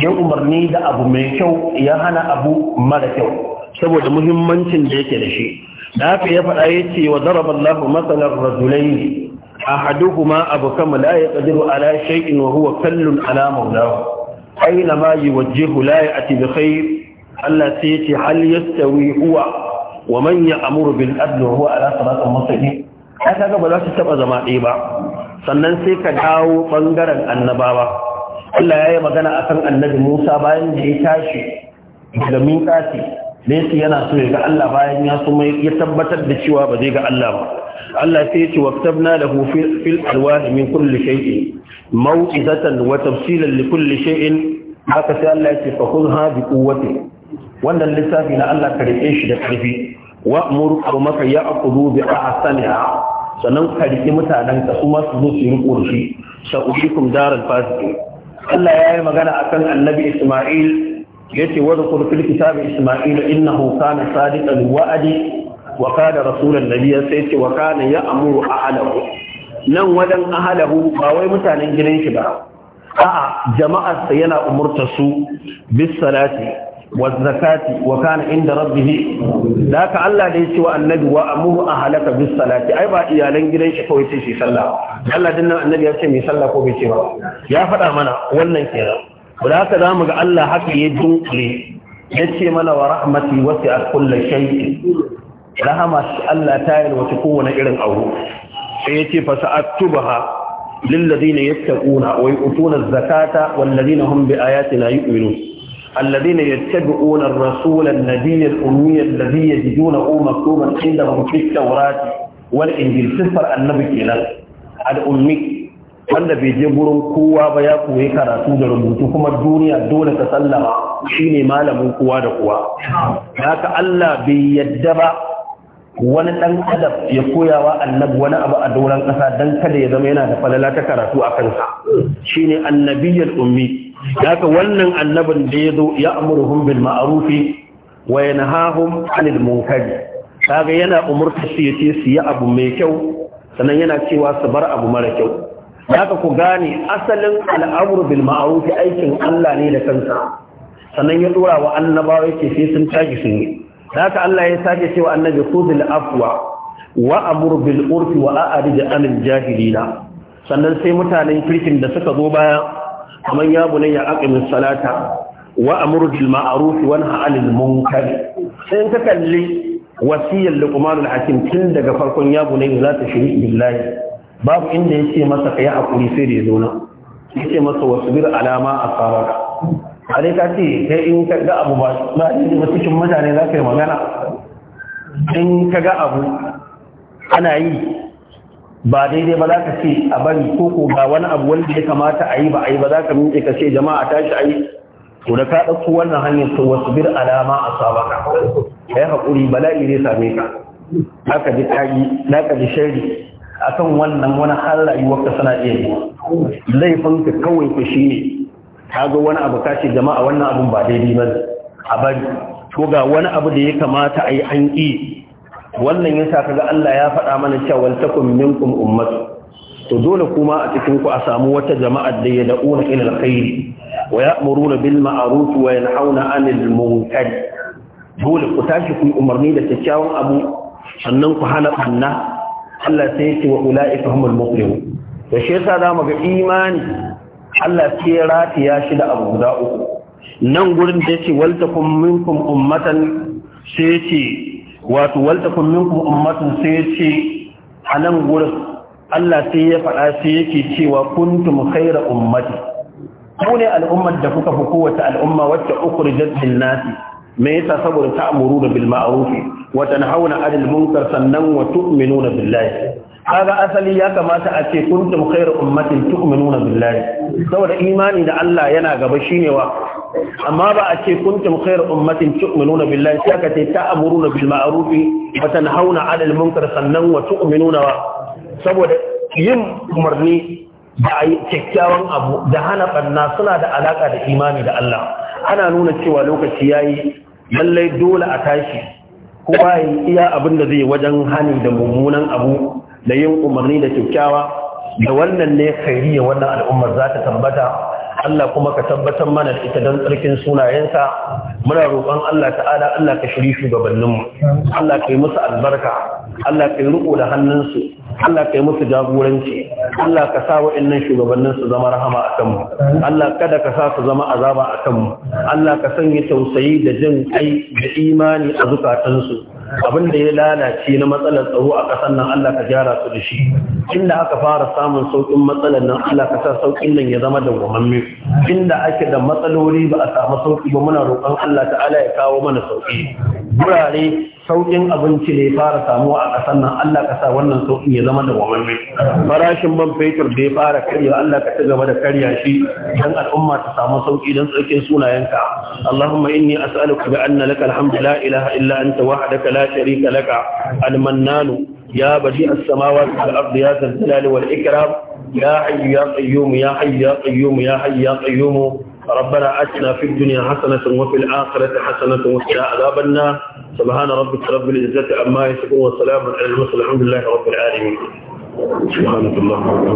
yan umarni da abu mai kyau ya hana abu mara kyau saboda muhimmancin da yake da shi da haka ya faɗa ya ce wa zaraba Allah matsalar rajulai ahaduhuma abukam la yaqdiru ala shay'in wa huwa kallun ala mawlahu aina ma yuwajjihu la ya'ti bi khair Allah sai yace hal yastawi huwa wa man ya'muru bil adl wa huwa ala siratin mustaqim kaga ba za su taɓa zama ɗaya ba sannan sai ka dawo ɓangaren annabawa Allah ya yi magana a kan annabi Musa bayan da ya tashi daga miƙati da yake yana so ya ga Allah bayan ya suma ya tabbatar da cewa ba zai ga Allah ba Allah sai ya ce da lahu fil alwah min kulli shay'in maw'izatan wa tafsilan li kulli shay'in haka sai Allah ya ce fa khudha bi quwwati wannan lissafi na Allah ka rike shi da karfi wa amur qawmaka ya'qudu bi ahsaniha sannan ka rike mutanen ka kuma su zo su riko shi sa'ulikum daral fasiqin Allah ya yi magana akan Annabi Isma'il yace wa rukul fil kitab hukana innahu kana sadiqan wa'adi wa qala rasul annabi sai yace wa kana ya'muru ahlahu nan wadan ahlahu ba wai mutanen gidan shi ba a'a jama'ar sa yana umurta su bis salati wa zakati wa kana inda rabbihi daka Allah da yace wa annabi wa amuru ahlaka bis salati ai ba iyalan gidan shi kawai sai shi sallah annabi ya ce mai sallah ko ba ya faɗa mana wannan kenan Kuda haka za mu ga Allah haka ya dunkule ya ce mana wa rahmati wasu a kulle shayi rahama shi Allah ta yi wata kowane irin abu sai ya ce fasa attubaha lillazina yattaquna wa yu'tuna zakata wallazina hum bi ayatina yu'minun الذين da الرسول النبي الأمي الذي يجدونه مكتوبا عندهم في التوراة والإنجيل صفر النبي كنا الأمي wanda bai je gurin kowa ba ya koyi karatu da rubutu kuma duniya dole ta sallama shine malamin kowa da kowa haka Allah bai yadda ba wani dan adam ya koyawa annabi wani abu a doron kasa dan kada ya zama yana da falala ta karatu a kansa shine annabiyyul ummi haka wannan annabin da ya zo ya amuruhum bil ma'rufi wa yanhahum 'anil munkari kaga yana umurta su yace su yi abu mai kyau sannan yana cewa su bar abu mara kyau haka ku gane asalin al'amur bil aikin Allah ne da kansa sannan ya dora wa annabawa yake sai sun tashi sun yi ka Allah ya sake cewa annabi khudhil afwa wa amur urfi wa a'rid anil jahilina sannan sai mutanen kirkin da suka zo baya kamar ya bunayya aqimis salata wa amur bil ma'ruf wa munkar sai ka kalli wasiyar luqmanul hakim tun daga farkon ya bunayya za ta shiri billahi babu inda ya ce masa ka yi haƙuri sai da ya zo nan ya ce masa wasu bir alama a sabaka a dai ka ce kai in ka ga abu ba ba da cikin mutane za ka yi magana in ka ga abu ana yi ba daidai ba za ka ce a bari ko ko wani abu wanda ya kamata a yi ba a yi ba za ka minke ka ce jama'a tashi a yi to da ka ɗauko wannan hanyar to wasu bir alama a sabaka ka yi haƙuri bala'i zai same ka za ka ji ƙari za ka ji shari akan wannan wani har rayuwar ka sana iya yi kawai ku shi ne Ta ga wani abu ka jama'a wannan abin ba daidai ba a bari ko ga wani abu da ya kamata a yi an wannan ya sa kaga Allah ya faɗa mana cewa wal takum minkum ummatu to dole kuma a cikin ku a samu wata jama'a da ya da'una ila alkhairi wa ya'muruna bil ma'ruf wa yanhauna 'anil munkar dole ku tashi ku umarni da kyakkyawan abu sannan ku hana banna Allah sai ya ce wa ula'ika humul muflihun da shi yasa mu ga imani Allah sai ya ratiya shi da abu guda uku nan gurin da ce wal takum minkum ummatan sai ce. wato wal takum minkum ummatan sai ce a nan gurin Allah sai ya faɗa sai yake cewa kuntum khayra ummati ku ne al'ummar da kuka fi kowace al'umma wacce ukhrijat lin nasi me yasa saboda ta'muruna bil ma'ruf wa tanhauna 'anil munkar sannan wa tu'minuna billahi kaga asali ya kamata a ce kuntum khairu ummatin tu'minuna billahi saboda imani da Allah yana gaba shine wa amma ba a ce kuntum khairu ummatin tu'minuna billahi sai ka ce ta'muruna bil ma'ruf wa tanhauna 'anil munkar sannan wa tu'minuna wa saboda yin umarni da a yi kyakkyawan abu da hana banna suna da alaka da imani da Allah ana nuna cewa lokaci ya yi. lallai dole a tashi kowa ya iya abin da zai wajen hani da mummunan abu da yin umarni da kyakkyawa da wannan ne khairiyya wannan al'ummar za ta tambata Allah kuma ka tabbatar mana da ita don tsarkin sunayensa muna roƙon Allah ta'ala Allah ka shiri shugabanninmu Allah ka yi musu albarka Allah ka yi riƙo da hannunsu Allah ka yi musu jagoranci Allah ka sa wa'annan shugabannin su zama rahama a kanmu Allah kada ka sa su zama azaba a kanmu Allah ka sanya tausayi da jin kai da imani a zukatansu abin da ya lalace na matsalar tsaro a ƙasar nan Allah ka gyara su da shi inda aka fara samun sauƙin matsalar nan Allah ka sa sauƙin nan ya zama da gwamamme inda ake da matsaloli ba a samu sauƙi ba muna roƙon Allah ta'ala ya kawo mana sauƙi gurare saukin abinci ne fara samuwa a ƙasar nan Allah ka sa wannan sauƙin ya zama da wamamme farashin man fetur da ya fara karya Allah ka ci gaba da karya shi dan al'umma ta samu sauki dan tsarkin sunayenka Allahumma inni as'aluka bi anna laka alhamdu la ilaha illa anta wahdaka la sharika laka al ya badi as-samawati wal ardi ya zal jalali wal ikram ya hayyu ya qayyum ya hayyu ya qayyum ya hayyu ya qayyum ربنا أتنا في الدنيا حسنة وفي الآخرة حسنة وقنا عذاب النار سبحان ربك رب العزة عما يصفون وسلام على المرسلين الحمد لله رب العالمين سبحانك اللهم